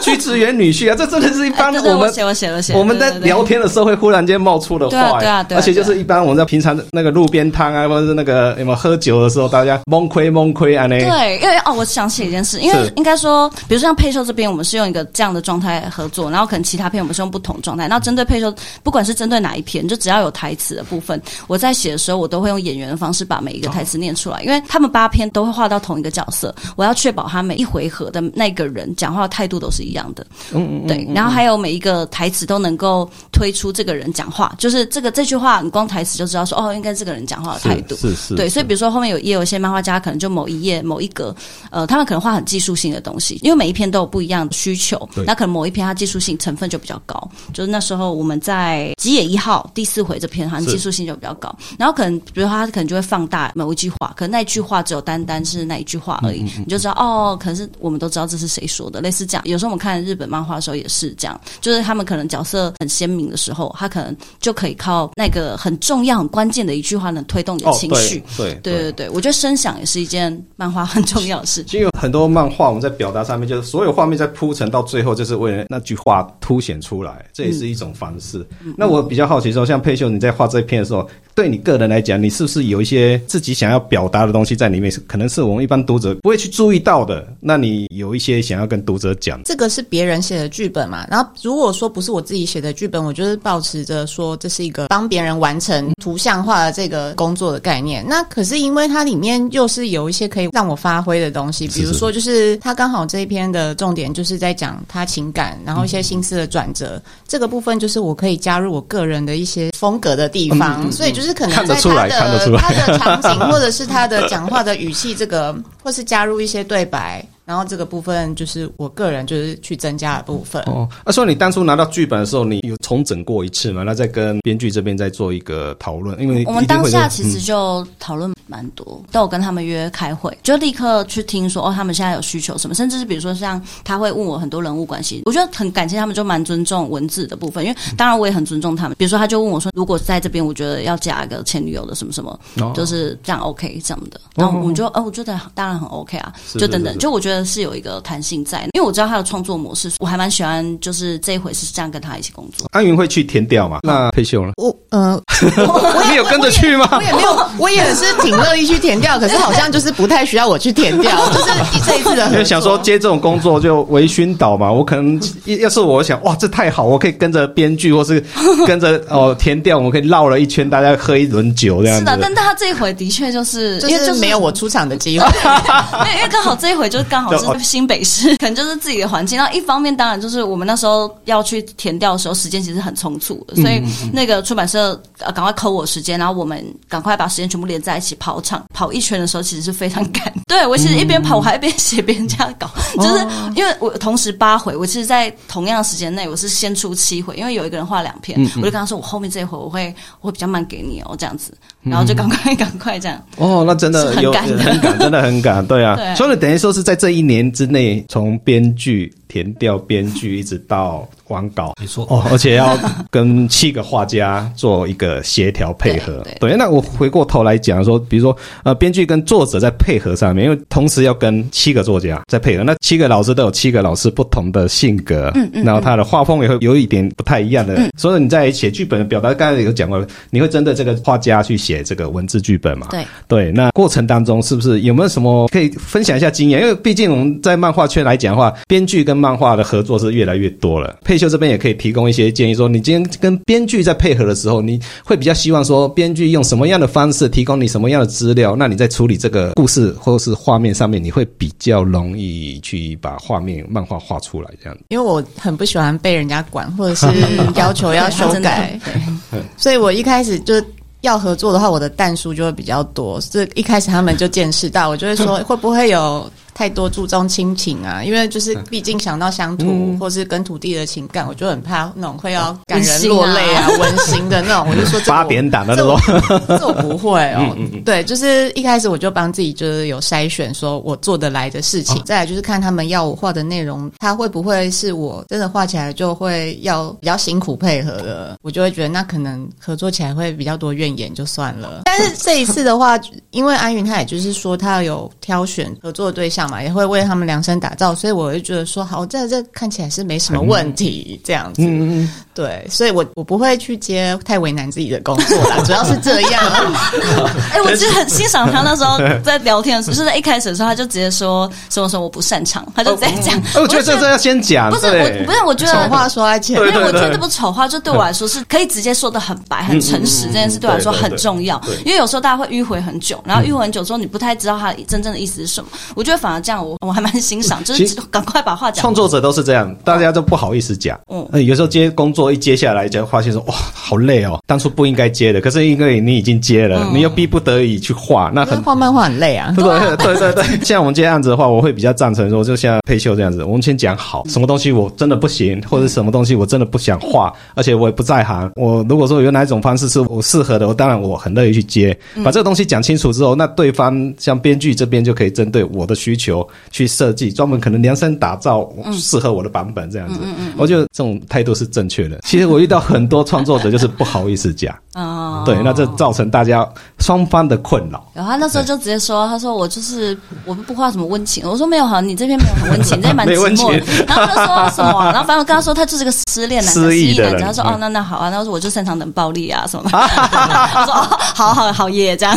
去職員女婿啊，啊，這真的是一般、欸。我們寫，我寫了，寫我們在聊天的時候會忽然間冒。出的話，對啊，對而且就是一般我們在平常的那個路邊攤啊，或者是那個有沒有喝酒的時候，大家蒙虧蒙虧啊，那個。對，因為哦，我想起一件事，因為應該說，比如說像沛珛這邊，我們是用一個這樣的狀態合作，然後可能其他片我們是用不同狀態。那針對沛珛，不管是針對哪一篇，就只要有台詞的部分，我在寫的時候，我都會用演員的方式把每一個台詞念出來，因為他們八篇都會畫到同一個角色，我要確保他每一回合的那個人講話態度都是一樣的，嗯嗯。對。然後還有每一個台詞都能夠推出這個人講話。就是這個這句話，你光台詞就知道說哦，應該是這個人講話的態度。是是是對是是，所以比如說後面有也有一些漫畫家，可能就某一頁某一格，呃，他們可能畫很技術性的東西，因為每一篇都有不一樣的需求，對，那可能某一篇它技術性成分就比較高。就是那時候我們在吉野一號第四回這篇好像技術性就比較高，然後可能比如說他可能就會放大某一句話，可能那句話只有單單是那一句話而已，嗯嗯嗯、你就知道哦。可能是我們都知道這是誰說的，類似這樣。有時候我們看日本漫畫的時候也是這樣，就是他們可能角色很鮮明的時候，他可能。就可以靠那個很重要、很關鍵的一句話，能推動你的情緒。對對對，我覺得聲響也是一件漫畫很重要的事情。很多漫畫我們在表達上面，就是所有畫面在鋪陳，到最後就是為了那句話凸顯出來，這也是一種方式，嗯。那我比較好奇說，像沛珛你在畫這篇的時候，嗯嗯，對你個人來講，你是不是有一些自己想要表達的東西在裡面？可能是我們一般讀者不會去注意到的。那你有一些想要跟讀者講？這個是別人寫的劇本嘛，然後如果說不是我自己寫的劇本，我就是抱持著說這是一個幫別人完成圖像化的這個工作的概念。那可是因為它裡面又是有一些可以讓我發揮的東西，比如。說就是他剛好這一篇的重點就是在講他情感，然後一些心思的轉折、嗯，這個部分就是我可以加入我個人的一些風格的地方，嗯、所以就是可能在他的看得出來，看得出來。他的場景或者是他的講話的語氣，這個 或是加入一些對白。然後這個部分就是我個人就是去增加的部分哦。那、啊、說，你當初拿到劇本的時候，你有重整過一次嗎？那再跟編劇這邊再做一個討論，因為我們當下、嗯、其實就討論蠻多，但我跟他們約開會，就立刻去聽說哦，他們現在有需求什麼，甚至是比如說像他會問我很多人物關係，我覺得很感謝他們，就蠻尊重文字的部分，因為當然我也很尊重他們。比如說他就問我說，如果在這邊，我覺得要加一個前女友的什麼什麼，就是這樣 OK 這樣的。然後我們就，哦，我覺得當然很 OK 啊，就等等，就我覺得。是有一個彈性在，因為我知道他的創作模式，我還蠻喜歡，就是這一回是這樣跟他一起工作。安妘會去田調嘛？那沛珛呢？我呃，沒 有跟着去嗎？我也，我也沒有，我也是挺樂意去田調，可是好像就是不太需要我去田調。 我就是這一,一次的，因為想說接這種工作就微醺島嘛，我可能要是我想哇，這太好，我可以跟着編劇或是跟着哦田調，我們可以繞了一圈，大家喝一輪酒這樣子。是的、啊，但他這一回的確就是，就是、因為就是、沒有我出場的機會， 因為剛好這一回就剛。剛好是新北市、哦，可能就是自己的環境。然後一方面當然就是我們那時候要去填掉的時候，時間其實很匆促的，所以那個出版社呃、啊、趕快扣我時間，然後我們趕快把時間全部連在一起跑場跑一圈的時候，其實是非常趕。對我其實一邊跑、嗯、我還一邊寫，邊這樣搞，就是因為我同時八回，我其實，在同樣的時間內我是先出七回，因為有一個人畫兩篇，我就跟他說我後面這一回我會我會比較慢給你哦這樣子，然後就趕快趕快這樣。哦，那真的是很趕，真的很趕，對啊。對。所以等於說是在這。一年之內，從編劇，填掉編劇一直到完稿，沒錯哦，而且要跟七個畫家做一個協調配合對對。對，那我回過頭來講說，比如說呃，編劇跟作者在配合上面，因為同時要跟七個作家在配合，那七個老師都有七個老師不同的性格，嗯嗯，然後他的畫風也會有一點不太一樣的，嗯，所以你在寫劇本表達，剛才有講過，你會針對這個畫家去寫這個文字劇本嘛？對對，那過程當中是不是有沒有什麼可以分享一下經驗？因為畢竟我們在漫畫圈來講的話，編劇跟漫畫的合作是越來越多了。沛珛這邊也可以提供一些建議說，說你今天跟編劇在配合的時候，你會比較希望說編劇用什麼樣的方式提供你什麼樣的資料？那你在處理這個故事或是畫面上面，你會比較容易去把畫面漫畫畫出來這樣。因為我很不喜歡被人家管，或者是要求要修改， 改 所以我一開始就是要合作的話，我的但書就會比較多。所以一開始他們就見識到，我就會說會不會有。太多注重親情啊，因為就是畢竟想到鄉土，或是跟土地的情感、嗯，我就很怕那種會要感人落淚啊，溫、嗯、馨、啊、的那種。嗯、我就說我，八點檔那種這。這我不會哦、嗯嗯嗯。對，就是一開始我就幫自己就是有篩選，說我做得來的事情、啊。再來就是看他們要我畫的內容，他會不會是我真的畫起來就會要比較辛苦配合的，我就會覺得那可能合作起來會比較多怨言，就算了。但是這一次的話，因為安妘他也就是說他要有挑選合作的對象。嘛也會為他們量身打造，所以我就覺得說好，這這看起來是沒什麼問題、嗯、這樣子、嗯，對，所以我，我我不會去接太為難自己的工作啦， 主要是這樣。哎、 哦欸，我就很欣賞他那時候在聊天的時候， 就是在一開始的時候他就直接說什麼什麼我不擅長，他就這樣講。哦嗯、我覺得這、哦、這要先講，不是我，不是我覺得醜話說來講，因為我覺得這不醜話，就對我來說是可以直接說的很白、嗯、很誠實、嗯，這件事對我來說很重要，因為有時候大家會迂迴很久，然後迂迴很久之後你不太知道他真正的意思是什麼，嗯、我覺得反而。這樣我我還蠻欣賞，就是趕快把話講。創作者都是這樣，大家都不好意思講。嗯、欸，有時候接工作一接下來，就發現說，哇、哦、好累哦，當初不應該接的。可是因為你已經接了，嗯、你又逼不得已去畫，那很畫漫畫很累啊。對對對對、啊、對、對、對，像我們接案子的話，我會比較贊成說，就像沛珛這樣子，我們先講好什麼東西我真的不行，或者什麼東西我真的不想畫、嗯，而且我也不在行。我如果說有哪一種方式是我適合的，我當然，我很樂意去接。把這個東西講清楚之後，那對方像編劇這邊就可以針對我的需求。求去設計，專門可能量身打造適、嗯、合我的版本，這樣子、嗯嗯嗯，我覺得這種態度是正確的。其實我遇到很多創作者， 就是不好意思講。啊、哦，對，那這造成大家雙方的困擾。然後他那時候就直接說，他說我就是我們不花什麼溫情，我說沒有，好，你這邊沒有很溫情，你這篇蠻寂寞的 然後他說什麼？ 然後反正跟他說，他就是個失戀男失憶的。他說哦，那那好啊，那說我就擅長冷暴力啊什麼的，他 說哦，好好好耶，這樣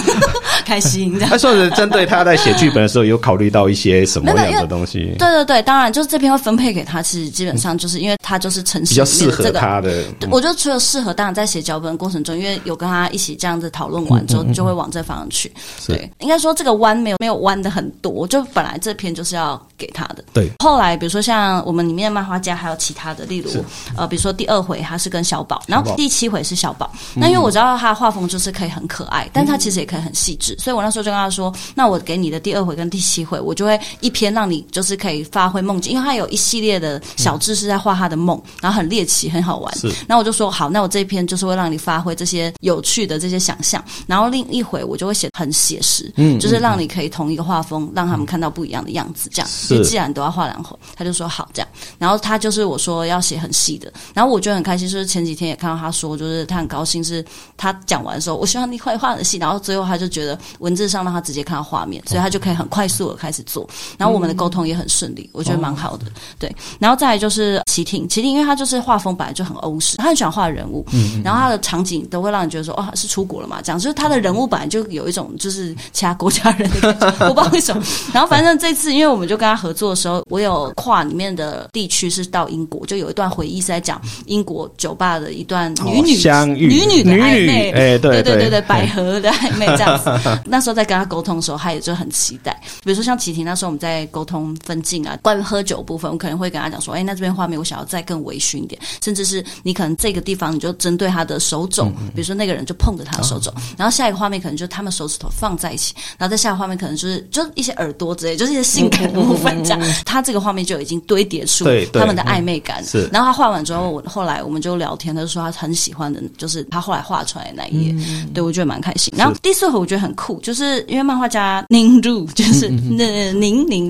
開心這樣。 他說是針對他在寫劇本的時候有考慮到一些什麼樣的東西？對對對，當然就是這篇會分配給他，其實基本上就是因為他就是誠實、嗯。比較適合他的、這個他的嗯。我就除了適合，當然在寫腳本的過程中，因為有跟他一起這樣子討論完之後，就會往這方向去。對，應該說這個彎沒有沒有彎的很多，就本來這篇就是要給他的。對。後來比如說像我們裡面的漫畫家，還有其他的，例如呃，比如說第二回他是跟小寶，然後第七回是小寶。那因為我知道他畫風就是可以很可愛，但他其實也可以很細緻。所以我那時候就跟他說：“那我給你的第二回跟第七回，我就會一篇讓你就是可以發揮夢境，因為他有一系列的小知識在畫他的夢，然後很獵奇，很好玩。那我就說：好，那我這一篇就是會讓你發揮這些。”些有趣的這些想象，然後另一回我就會寫很寫實，嗯，就是讓你可以同一個畫風、嗯、讓他們看到不一樣的樣子，這樣。既然都要畫兩回，他就說好這樣，然後他就是我說要寫很細的，然後我覺得很開心，就是前幾天也看到他說，就是他很高興是他講完的時候，我希望你快畫很細，然後最後他就覺得文字上讓他直接看到畫面，所以他就可以很快速的開始做，然後我們的溝通也很順利，我覺得蠻好的，對。然後再來就是琪婷，琪婷因為他就是畫風本來就很歐式，他很喜歡畫人物，嗯，然後他的場景都。會讓你覺得說，哦，是出國了嘛？講，就是他的人物本來就有一種就是其他國家人的感覺 我不知道為什麼。然後反正這次，因為我們就跟他合作的時候，我有跨裡面的地區是到英國，就有一段回憶是在講英國酒吧的一段女女，哦、女女的曖昧，哎，欸，對對對對，百合的曖昧這樣子。 那時候在跟他溝通的時候，他也就很期待。比如說像琪婷，那時候我們在溝通分鏡啊，關於喝酒部分，我可能會跟他講說，哎，那這邊畫面我想要再更微醺一點，甚至是你可能這個地方你就針對他的手肘。嗯比如說那個人就碰着他的手肘，oh. 然後下一個畫面可能就他們手指頭放在一起，然後在下一個畫面可能就是就一些耳朵之類，就是一些性感的部分。這樣，mm -hmm. 他這個畫面就已經堆疊出他們的曖昧感。然後他畫完之後，我後來我們就聊天，他、就是、說他很喜歡的就是他後來畫出來的那一頁，mm -hmm. 對我覺得蠻開心。然後第四回我覺得很酷，就是因為漫畫家寧路，就是寧寧、mm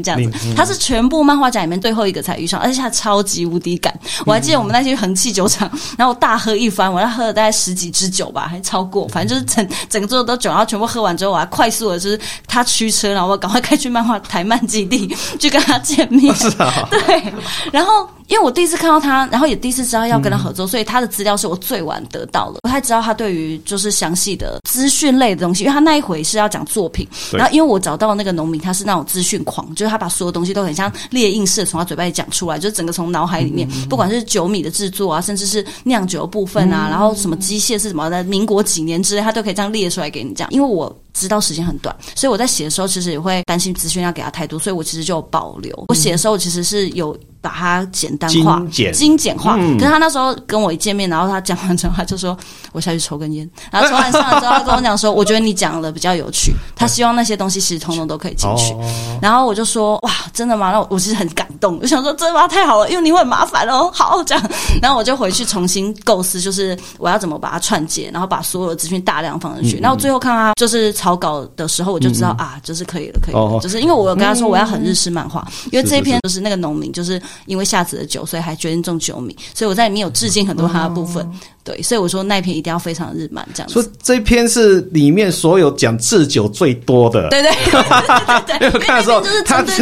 -hmm. 這樣子，mm -hmm. 他是全部漫畫家裡面最後一個才遇上，而且他超級無敵感。Mm -hmm. 我還記得我們那些恆器酒廠，然後我大喝一番，我要喝了大概十幾支。酒吧還超過，反正就是整整個桌子都酒，然後全部喝完之後，我還快速的就是他驅車，然後我趕快開去漫畫台漫基地去跟他見面，對，然後。因為我第一次看到他，然後也第一次知道要跟他合作，嗯、所以他的資料是我最晚得到的，不太知道他對於就是詳細的資訊類的東西。因為他那一回是要講作品，然後因為我找到那個農民，他是那種資訊狂，就是他把所有東西都很像列印式的從他嘴巴裡講出來，就是整個從腦海裡面，嗯、不管是酒米的制作啊，甚至是釀酒的部分啊、嗯，然後什麼機械是什麼的，在民國幾年之類，他都可以這樣列出來給你講。因為我知道時間很短，所以我在寫的時候其實也會擔心資訊要給他太多，所以我其實就有保留。我寫的時候其實是有。把它簡單化、精簡，精簡化。可是、嗯、他那時候跟我一見面，然後他講完之後，他就說我下去抽根菸。然後抽完菸之後，他跟我講說：“ 我覺得你講的比較有趣。”他希望那些東西其實通通都可以進去。然後我就說：“哇，真的嗎？”那我，我其實很感動。我想說：“真的嗎？太好了，因為你會很麻煩哦。”好，這樣。然後我就回去重新構思，就是我要怎麼把它串接，然後把所有的資訊大量放進去嗯嗯。然後最後看他就是草稿的時候，我就知道嗯嗯啊，就是可以了，可以了、哦。就是因為我有跟他說我要很日式漫畫、嗯，因為這一篇就是那個農民就是。因為夏子的酒，所以還決定種酒米，所以我在裡面有致敬很多他的部分。嗯對，所以我說那一篇一定要非常日漫這樣子。說這一篇是裡面所有講製酒最多的，對對,對。對,對， 因為我看的時候就是他都是，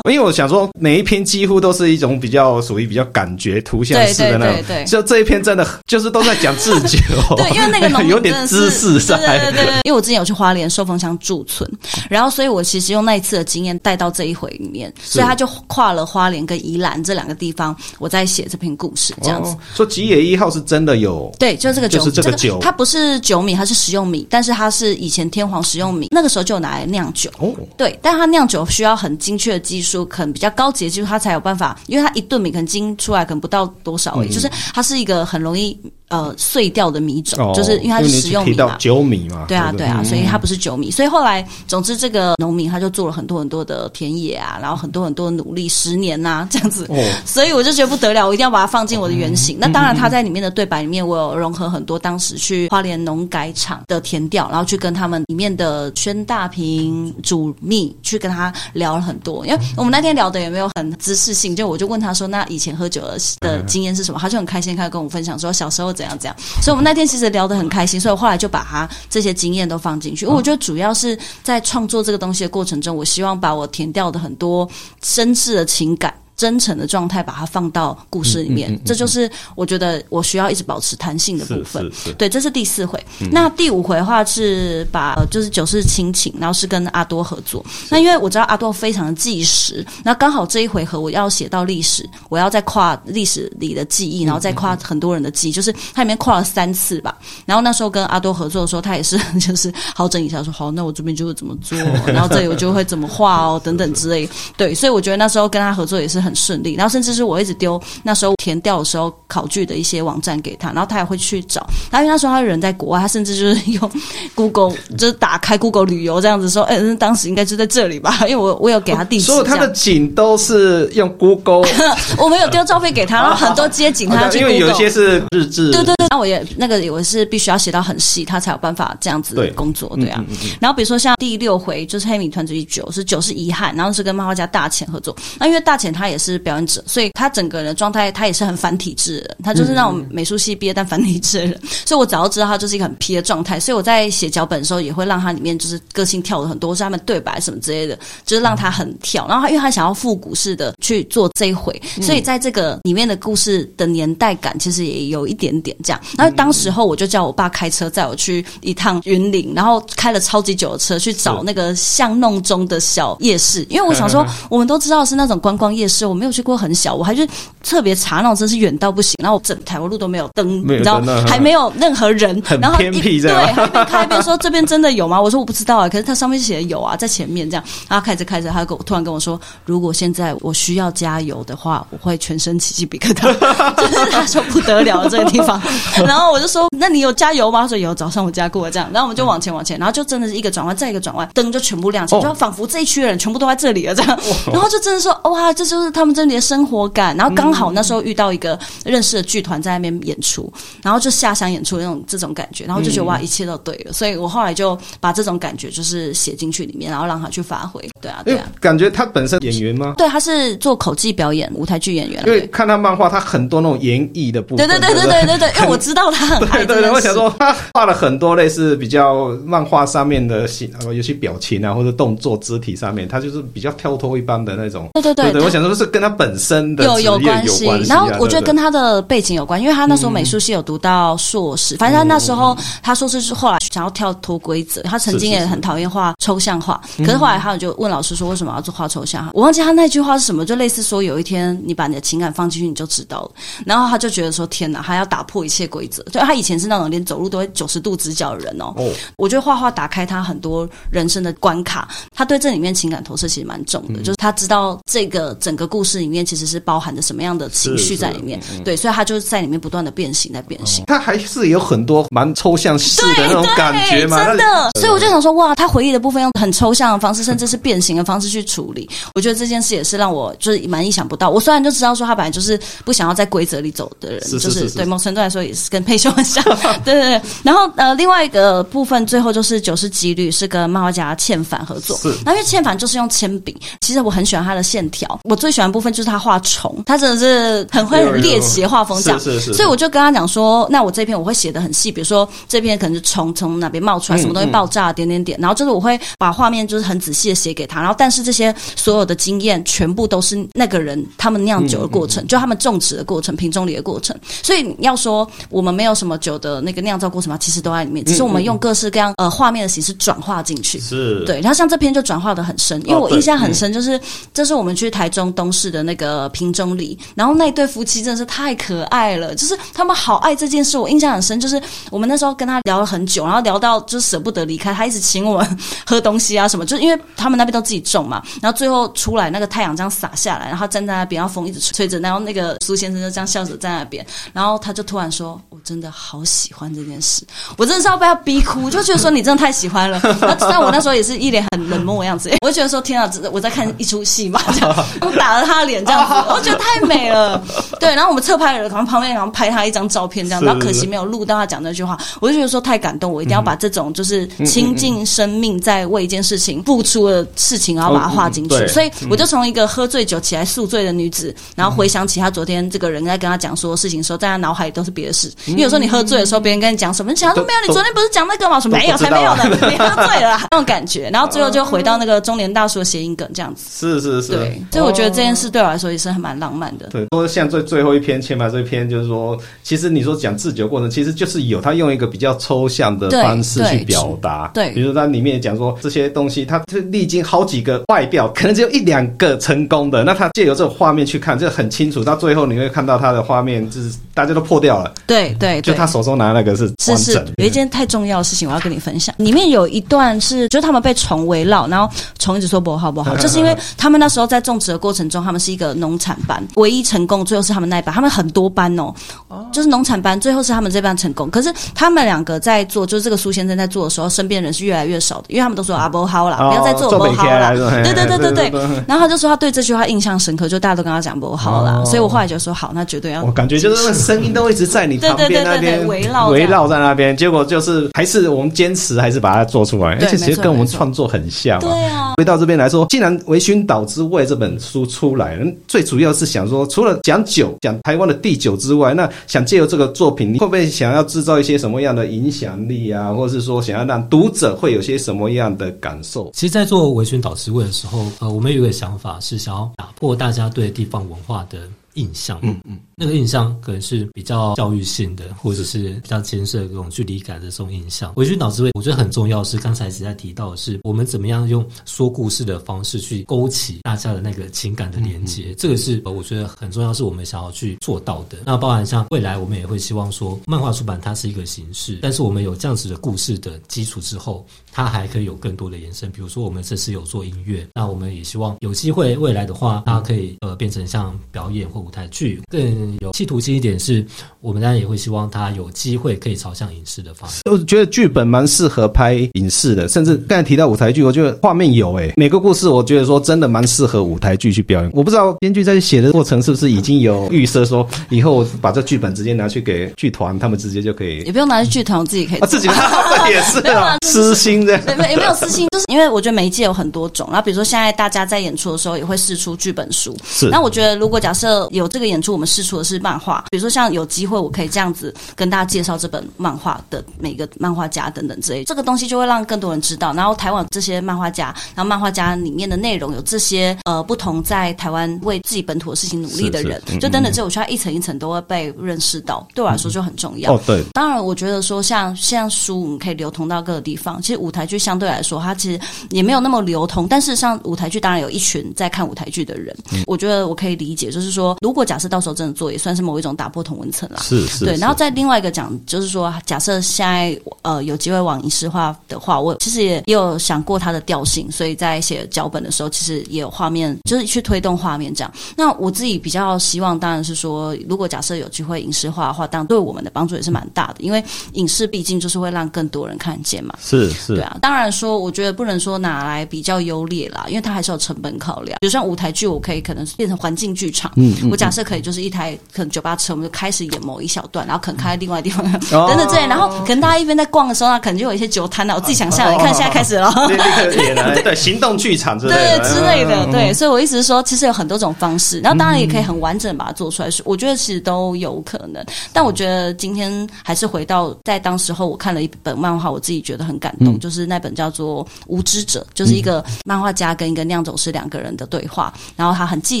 因為我想說每一篇幾乎都是一種比較屬於比較感覺圖像式的那種。對對,對,對,對。就這一篇真的就是都在講製酒， 對，因為那個 有點知識在。對,對,對,對,對因為我之前有去花蓮壽豐鄉駐村。然後所以我其實用那一次的經驗帶到這一回裡面，所以他就跨了花蓮跟宜蘭這兩個地方，我在寫這篇故事這樣子。哦、說吉野一號是真的有。對，就是這個酒米，就是、這個酒，這個酒它不是酒米，它是食用米，但是它是以前天皇食用米，那個時候就拿來釀酒、哦。對，但它釀酒需要很精確的技術，可能比較高級的技術，它才有辦法，因為它一噸米可能精出來可能不到多少而已、嗯，就是它是一個很容易。呃，碎掉的米種，哦、就是因為它是食用米酒米嘛，米嘛對、啊，對啊，對啊，所以它不是酒米、嗯。所以後來，總之這個農民他就做了很多很多的田野啊，然後很多很多的努力，十年吶、啊，這樣子、哦。所以我就覺得不得了，我一定要把它放進我的原型。嗯、那當然，他在裡面的對白裡面，我有融合很多當時去花蓮農改場的田調，然後去跟他們裡面的宣大平主秘，去跟他聊了很多。因為我們那天聊的也沒有很知識性，就我就問他說：“那以前喝酒的的經驗是什麼？”他就很開心開始跟我分享說：“小時候。”怎樣怎樣？所以我們那天其實聊得很開心，所以我後來就把他這些經驗都放進去。我覺得主要是在創作這個東西的過程中，我希望把我填掉的很多深摯的情感。真誠的狀態把它放到故事裡面。嗯嗯嗯，這就是我覺得我需要一直保持彈性的部分。對，這是第四回。嗯、那第五回的話是把就是九世親情，然後是跟阿多合作。那因為我知道阿多非常的紀實，那剛好這一回合我要寫到歷史，我要再跨歷史裡的記憶，然後再跨很多人的記憶，就是它裡面跨了三次吧。然後那時候跟阿多合作的時候，他也是就是調整一下說，好，那我這邊就會怎麼做。哦， 然後這裡我就會怎麼畫哦， 等等之類的。對，所以我覺得那時候跟他合作也是很。很順利，然後甚至是我一直丟那時候田調的時候考據的一些網站給他，然後他也會去找。他因為那時候他人在國外，他甚至就是用 Google，就是打開 Google 旅遊這樣子說：“嗯、欸，當時應該就在這裡吧？”因為我我有給他定。所以他的景都是用 Google。 我沒有丟照片給他，然後很多街景他要、啊、因為有一些是日誌，對對，對。那我也那個，我是必須要寫到很細，他才有辦法這樣子工作。對，對啊，嗯嗯嗯，然後比如說像第六回就是黑米團之一九是九是遺憾，然後是跟漫畫家大錢合作。那因為大錢他也。是表演者，所以他整個人的狀態，他也是很反體制的。他就是那種美術系畢業但反體制的人，嗯嗯。所以，我早就知道他就是一個很 p 的狀態。所以我在寫腳本的時候，也會讓他裡面就是個性跳的很多，是他們對白什麼之類的，就是讓他很跳。嗯，然後他因為他想要復古式的去做這一回，所以在這個裡面的故事的年代感其實也有一點點這樣。然後當時候我就叫我爸開車載我去一趟雲林，然後開了超級久的車去找那個巷弄中的小夜市，因為我想說，我們都知道是那種觀光夜市。我沒有去過很小，我還是特別差那種，真是遠到不行，然後我整台灣路都沒有燈，你知道，還沒有任何人，很偏僻然後，這樣。對，他一邊開一邊說 這邊真的有嗎？我說我不知道啊、欸。可是，他上面寫的有啊，在前面這樣。然後開着開着，他就突然跟我說：“如果現在我需要加油的話，我會全身起雞皮疙瘩。 ”他說不得了這個地方。 然後我就說：“那你有加油嗎？”他說：“有，早上我加過這樣。”然後我們就往前往前，然後就真的是一個轉彎再一個轉彎，燈就全部亮起，哦、就仿佛這一區的人全部都在這裡了這樣、哦。然後就真的說：“哇，這就是。”他們這裡的生活感，然後剛好那時候遇到一個認識的劇團在那邊演出，嗯、然後就下鄉演出那種這種感覺，然後就覺得哇、嗯、一切都對了，所以我後來就把這種感覺就是寫進去裡面，然後讓他去發揮。對啊對啊，感覺他本身演員嗎？對，他是做口技表演舞台劇演員對。因為看他漫畫，他很多那種演繹的部分。對對對對對對對，對，因為我知道他很。對對對，對，我想說他畫了很多類似比較漫畫上面的戲，尤其表情啊或者動作肢體上面，他就是比較跳脫一般的那種。對對對對，對，我想說的是。跟他本身的有、啊、有有關係，然後我覺得跟他的背景有關，因為他那時候美術系有讀到碩士。反正他那時候他碩士是後來想要跳脫規則，他曾經也很討厭畫抽象畫，可是後來他就問老師說為什麼要做畫抽象畫？我忘記他那句話是什麼，就類似說有一天你把你的情感放進去你就知道了。然後他就覺得說天哪，他要打破一切規則，就他以前是那種連走路都會九十度直角的人哦、喔。我覺得畫畫打開他很多人生的關卡，他對這裡面情感投射其實蠻重的，就是他知道這個整個故事裡面其實是包含着什麼樣的情緒在裡面是是、嗯，對，所以他就是在裡面不斷的變形，在變形。他、嗯、還是有很多蠻抽象式的那種感覺嗎？真的、嗯。所以我就想說，哇，他回憶的部分用很抽象的方式，甚至是變形的方式去處理。 我覺得這件事也是讓我就是蠻意想不到。我雖然就知道說他本來就是不想要在規則裡走的人，是是是是，就是對，某程度來說也是跟沛珛很像， 對，對對對。然後呃，另外一個部分最後就是九十幾率是跟漫畫家倩帆合作，是。那因為倩帆就是用鉛筆，其實我很喜歡他的線條，我最。全部分就是他畫蟲，他真的是很會很獵奇畫風講，是是是是所以我就跟他講說，那我這篇我會寫得很細，比如說這篇可能是蟲從哪邊冒出來，什麼東西爆炸、嗯，點點點，然後就是我會把畫面就是很仔細的寫給他，然後但是這些所有的經驗全部都是那個人他們釀酒的過程、嗯嗯，就他們種植的過程、品種裡的過程，所以要說我們沒有什麼酒的那個釀造過程啊，其實都在裡面，只是我們用各式各樣呃畫面的形式轉化進去，是對，然後像這篇就轉化得很深，因為我印象很深，就是、哦嗯、這是我們去台中東。市的那個瓶中裡，然後那一對夫妻真的是太可愛了，就是他們好愛這件事，我印象很深。就是我們那時候跟他聊了很久，然後聊到就舍不得離開，他一直請我呵呵喝東西啊什麼，就是因為他們那邊都自己種嘛。然後最後出來，那個太陽這樣灑下來，然後站在那邊，然後風一直吹着，然後那個蘇先生就這樣笑着在那邊，然後他就突然說：“我真的好喜歡這件事，我真的是要被他逼哭。”就覺得說：“你真的太喜歡了。 ”那我那時候也是一臉很冷漠的樣子， 我就覺得說：“天啊，我在看一出戲嘛。”這樣，打 他的臉這樣子，啊，我覺得太美了。對，然後我們側拍的可能旁邊，然後拍他一張照片這樣，然後可惜沒有錄到他講那句話，我就覺得說太感動，我一定要把這種就是傾盡生命，在為一件事情付出的事情，然後把它畫進去。所以我就從一個喝醉酒起來宿醉的女子，然後回想起他昨天這個人在跟他講說事情的時候，在他腦海裡都是別的事。因為有時候你喝醉的時候，別人跟你講什麼，你講說沒有，你昨天不是講那個嗎？沒有，才沒有呢，你喝醉了那種感覺。然後最後就回到那個中年大叔的諧音梗這樣子。是是是，對，所以我覺得這。是對我來說也是很蠻浪漫的。對，不像最最後一篇，前排這一篇，就是說，其實你說講自覺過程，其實就是有他用一個比較抽象的方式去表達。對，比如說他裡面講說這些東西，他歷經好幾個外表，可能只有一兩個成功的。那他借由這種畫面去看，就很清楚。到最後你會看到他的畫面，就是大家都破掉了。對對，對，就他手中拿的那個是完整。是是，有一件太重要的事情我要跟你分享。嗯、裡面有一段是，就是他們被蟲圍繞，然後蟲一直說：“不好不好？” 就是因為他們那時候在種植的過程中。他們是一個農產班，唯一成功，最後是他們那一班。他們很多班哦、喔，oh. 就是農產班，最後是他們這班成功。可是他們兩個在做，就是這個蘇先生在做的時候，身邊人是越來越少的，因為他們都說阿波、啊、好啦，oh, 不要再做伯好了。對對對對對。然後他就說他對這句話印象深刻，就大家都跟他講不好啦，oh. 所以我後來就說好，那絕對要。我感覺就是聲音都一直在你旁邊 那邊圍繞圍繞在那邊。結果就是還是我們堅持，還是把它做出來，而且其實跟我們創作很像、啊。對啊。回到這邊來說，既然《微醺島之味》這本書出。出來，最主要是想說，除了講酒，講台灣的地酒之外，那想借由這個作品，你會不會想要製造一些什麼樣的影響力啊？或者是說，想要讓讀者會有些什麼樣的感受？其實，在做微醺島之味的時候，呃，我們有一個想法是想要打破大家對地方文化的印象，嗯嗯，那個印象可能是比較教育性的，或者是比較牽涉這種距離感的這種印象。我覺腦子，我覺得很重要是剛才一直在提到的，是，我們怎麼樣用說故事的方式去勾起大家的那個情感的連接，嗯嗯、這個是我覺得很重要，是我們想要去做到的。那包含像未來，我們也會希望說，漫畫出版它是一個形式，但是我們有這樣子的故事的基礎之後，它還可以有更多的延伸。比如說，我們這次有做音樂，那我們也希望有機會未來的話，它可以呃變成像表演或。舞台劇更有企圖心一點是，是我們當然也會希望他有機會可以朝向影視的方向。我覺得劇本蠻適合拍影視的，甚至剛才提到舞台劇，我覺得畫面有哎、欸，每個故事我覺得說真的蠻適合舞台劇去表演。我不知道編劇在寫的過程是不是已經有預設，說以後我把這劇本直接拿去給劇團，他們直接就可以，也不用拿去劇團，自己可以、啊，自己 也是 沒、啊就是、 私心的，沒沒有私心，就是因為我覺得媒介有很多種。然後比如說現在大家在演出的時候也會釋出劇本書，是那我覺得如果假設。有這個演出，我們試出的是漫畫，比如說像有機會，我可以這樣子跟大家介紹這本漫畫的每一個漫畫家等等之類的，這個東西就會讓更多人知道。然後台灣這些漫畫家，然後漫畫家裡面的內容有這些呃不同，在台灣為自己本土的事情努力的人，是是就等等這、嗯嗯，我覺得它一層一層都會被認識到，對我來說就很重要。嗯哦、對，當然我覺得說像像書，我們可以流通到各個地方。其實舞台劇相對來說，它其實也沒有那麼流通，但是像舞台劇，當然有一群在看舞台劇的人，嗯、我覺得我可以理解，就是說。如果假設到時候真的做，也算是某一種打破同溫層啦。是是，是。對，然後再另外一個講，就是說，假設現在呃有機會往影視化的話，我其實也也有想過它的調性，所以在寫腳本的時候，其實也有畫面，就是去推動畫面這樣。那我自己比較希望當然是說，如果假設有機會影視化的話，當然對我們的幫助也是蠻大的，因為影視畢竟就是會讓更多人看見嘛。是是。對啊，當然說，我覺得不能說拿來比較優劣啦，因為它還是有成本考量。比如像舞台劇，我可以可能變成環境劇場。嗯,嗯。我假設可以，就是一台可能酒吧車，我們就開始演某一小段，然後可能開在另外一地方、嗯，等等之類。然後可能大家一邊在逛的時候，啊，可能就有一些酒攤了，我自己想象，你、啊、看現在開始了、啊啊啊啊啊。 對，行動劇場之類的，對之類的，對。嗯、所以，我意思是說，其實有很多種方式。然後，當然也可以很完整把它做出來，是我覺得其實都有可能。但我覺得今天還是回到在當時候，我看了一本漫畫，我自己覺得很感動、嗯，就是那本叫做《無知者》，就是一個漫畫家跟一個釀酒師兩個人的對話，然後他很及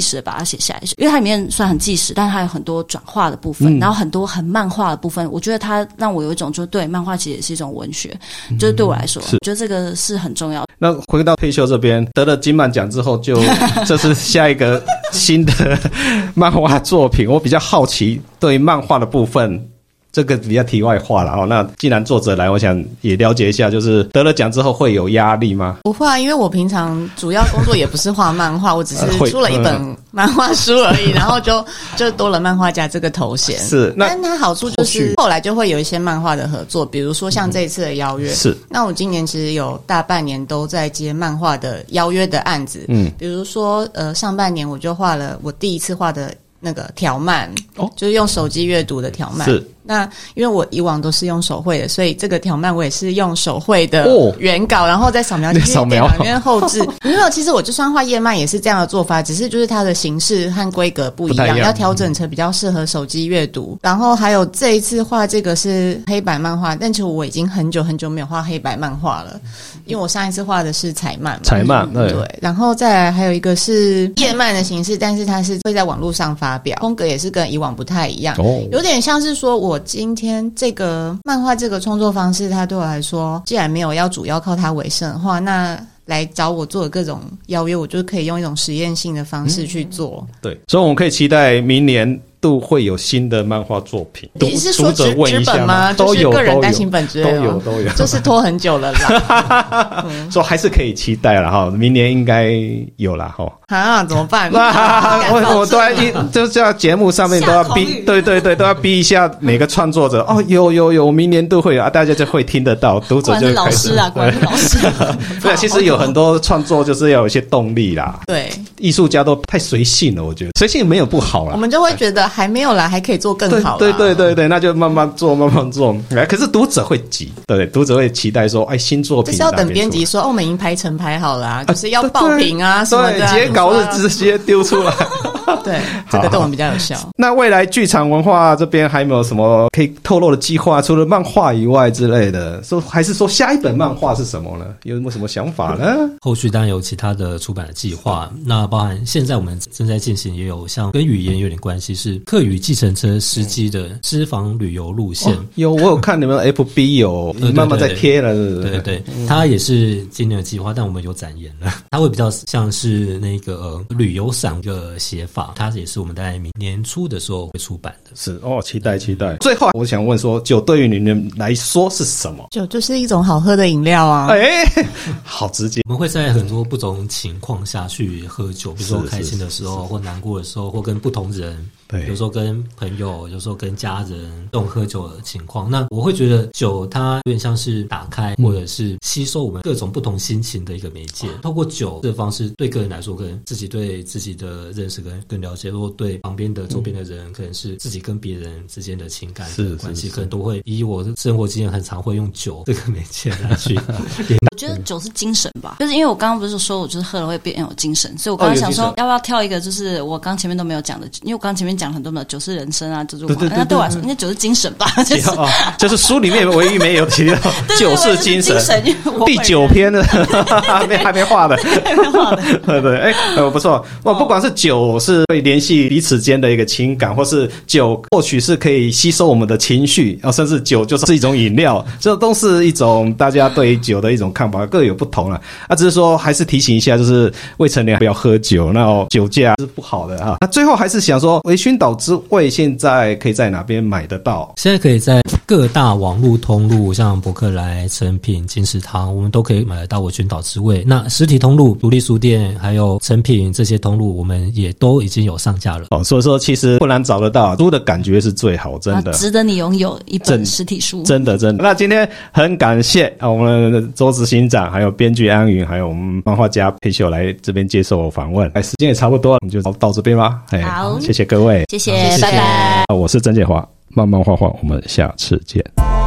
時的把它寫下來，因為他裡面。算很紀實，但是它有很多轉化的部分、嗯，然後很多很漫畫的部分，我覺得它讓我有一種就，就對漫畫其實也是一種文學，嗯、就是對我來說是，我覺得這個是很重要。那回到沛珛這邊，得了金漫獎之後就，就這是下一個新的漫畫作品， 我比較好奇對於漫畫的部分。這個比較題外話了哦。那既然作者來，我想也了解一下，就是得了獎之後會有壓力嗎？不會啊，因為我平常主要工作也不是畫漫畫， 我只是出了一本漫畫書而已，嗯、然後就就多了漫畫家這個頭銜。 是，那但它好處就是後來就會有一些漫畫的合作，比如說像這一次的邀約、嗯。是。那我今年其實有大半年都在接漫畫的邀約的案子。嗯。比如說呃，上半年我就畫了我第一次畫的那個條漫、哦，就是用手機閱讀的條漫。是。那因為我以往都是用手繪的，所以這個條漫我也是用手繪的原稿、哦，然後再掃描。掃描。因為後置沒有。其實我就算畫頁漫也是這樣的做法， 只是就是它的形式和規格不一樣，一樣要調整成比較適合手機閱讀、嗯。然後還有這一次畫這個是黑白漫畫，但其實我已經很久很久沒有畫黑白漫畫了，因為我上一次畫的是彩漫嘛。彩漫、嗯、對、嗯。然後再來還有一個是頁漫的形式，但是它是會在網絡上發表，風格也是跟以往不太一樣，哦、有點像是說我。今天這個漫畫這個創作方式，它對我來說，既然沒有要主要靠它為生的話，那來找我做的各種邀約，我就可以用一種實驗性的方式去做。嗯。對，所以我們可以期待明年。都會有新的漫畫作品，讀你是說單行本嗎、就是、本嗎？都有都有，都有，就是拖很久了啦。 嗯、說還是可以期待了哈，明年應該有了哈。哈、 啊、怎麼辦？啊、我我都要，一，就是要節目上面都要逼，對，對對對，都要逼一下每個創作者。 哦，有有有，明年都會有，大家就會聽得到，讀者就管是老師啊，管老師。對， 其實有很多創作就是要有一些動力啦。對，藝術家都太隨性了，我覺得隨性沒有不好啦。嗯嗯啊、我們就會覺得。還沒有來，還可以做更好。對對對對，那就慢慢做，慢慢做。可是讀者會急，對讀者會期待說，哎，新作品是要等編輯說，我們已經排成排好了，啊，可，啊就是要爆名啊什麼的。對，截，啊啊，稿就直接丟出來。 對，這個對我們比較有效。好好好，那未來劇場文化這邊還有沒有什麼可以透露的計劃？除了漫畫以外之類的，說還是說下一本漫畫是什麼呢？有沒有什麼想法呢？後續當然有其他的出版的計劃，那包含現在我們正在進行，也有像跟語言有點關係，是客語計程車司機的私房旅遊路線。哦。有，我有看有有 APP 有 你們 FB 有慢慢在貼了，對對對，他也是今年的計劃，但我們有展延了，他會比較像是那個、呃、旅遊散個寫法。它也是我們在明年初的時候會出版的、嗯是，是哦，期待期待。最後，我想問說，酒對於你們來說是什麼？酒就是一種好喝的飲料啊，哎，好直接。我們會在很多不同情況下去喝酒，比如說開心的時候，或難過的時候，或跟不同人。對，有時候跟朋友，有時候跟家人，這種喝酒的情況，那我會覺得酒它有點像是打開、嗯、或者是吸收我們各種不同心情的一個媒介。透過酒這方式，對個人來說，可能自己對自己的認識跟更了解，如果對旁邊的周邊的人、嗯，可能是自己跟別人之間的情感是，關係的的的，可能都會。以我的生活經驗，很常會用酒這個媒介來去。 我覺得酒是精神吧，就是因為我剛剛不是說我就是喝了會變有精神，所以我剛剛想說、哦、要不要跳一個，就是我剛前面都沒有講的，因為我剛前面。講很多的酒是人生啊，就是我對對對對。那對我來說，應該酒是精神吧，就是、 哦、就是書裡面唯一沒有提到， 酒是精神 對對、就是精神，第九篇的沒 還沒畫畫的， 還沒畫呢。對 對，哎、欸，不錯，哇，不管是酒是會聯繫彼此間的一個情感，或是酒或許是可以吸收我們的情緒，啊，甚至酒就是一種飲料，這都是一種大家對於酒的一種看法，各有不同了。啊，只是說還是提醒一下，就是未成年不要喝酒，那酒駕是不好的啊。那最後還是想說，微醺。《微醺島之味》現在可以在哪邊買得到？現在可以在各大網絡通路，像博客來、誠品、金石堂，我們都可以買得到《微醺島之味》。那實體通路、獨立書店還有誠品這些通路，我們也都已經有上架了哦。所以說，其實不難找得到，書的感覺是最好，真的、啊、值得你擁有一本實體書，真的，真的。真的，那今天很感謝啊我們周執行長，還有編劇安妘，還有我們漫畫家沛珛來這邊接受訪問。哎，時間也差不多了，我們就到這邊吧。好、哎，謝謝各位。謝謝，謝謝，拜拜。我是曾建華，慢慢畫畫，我們下次見。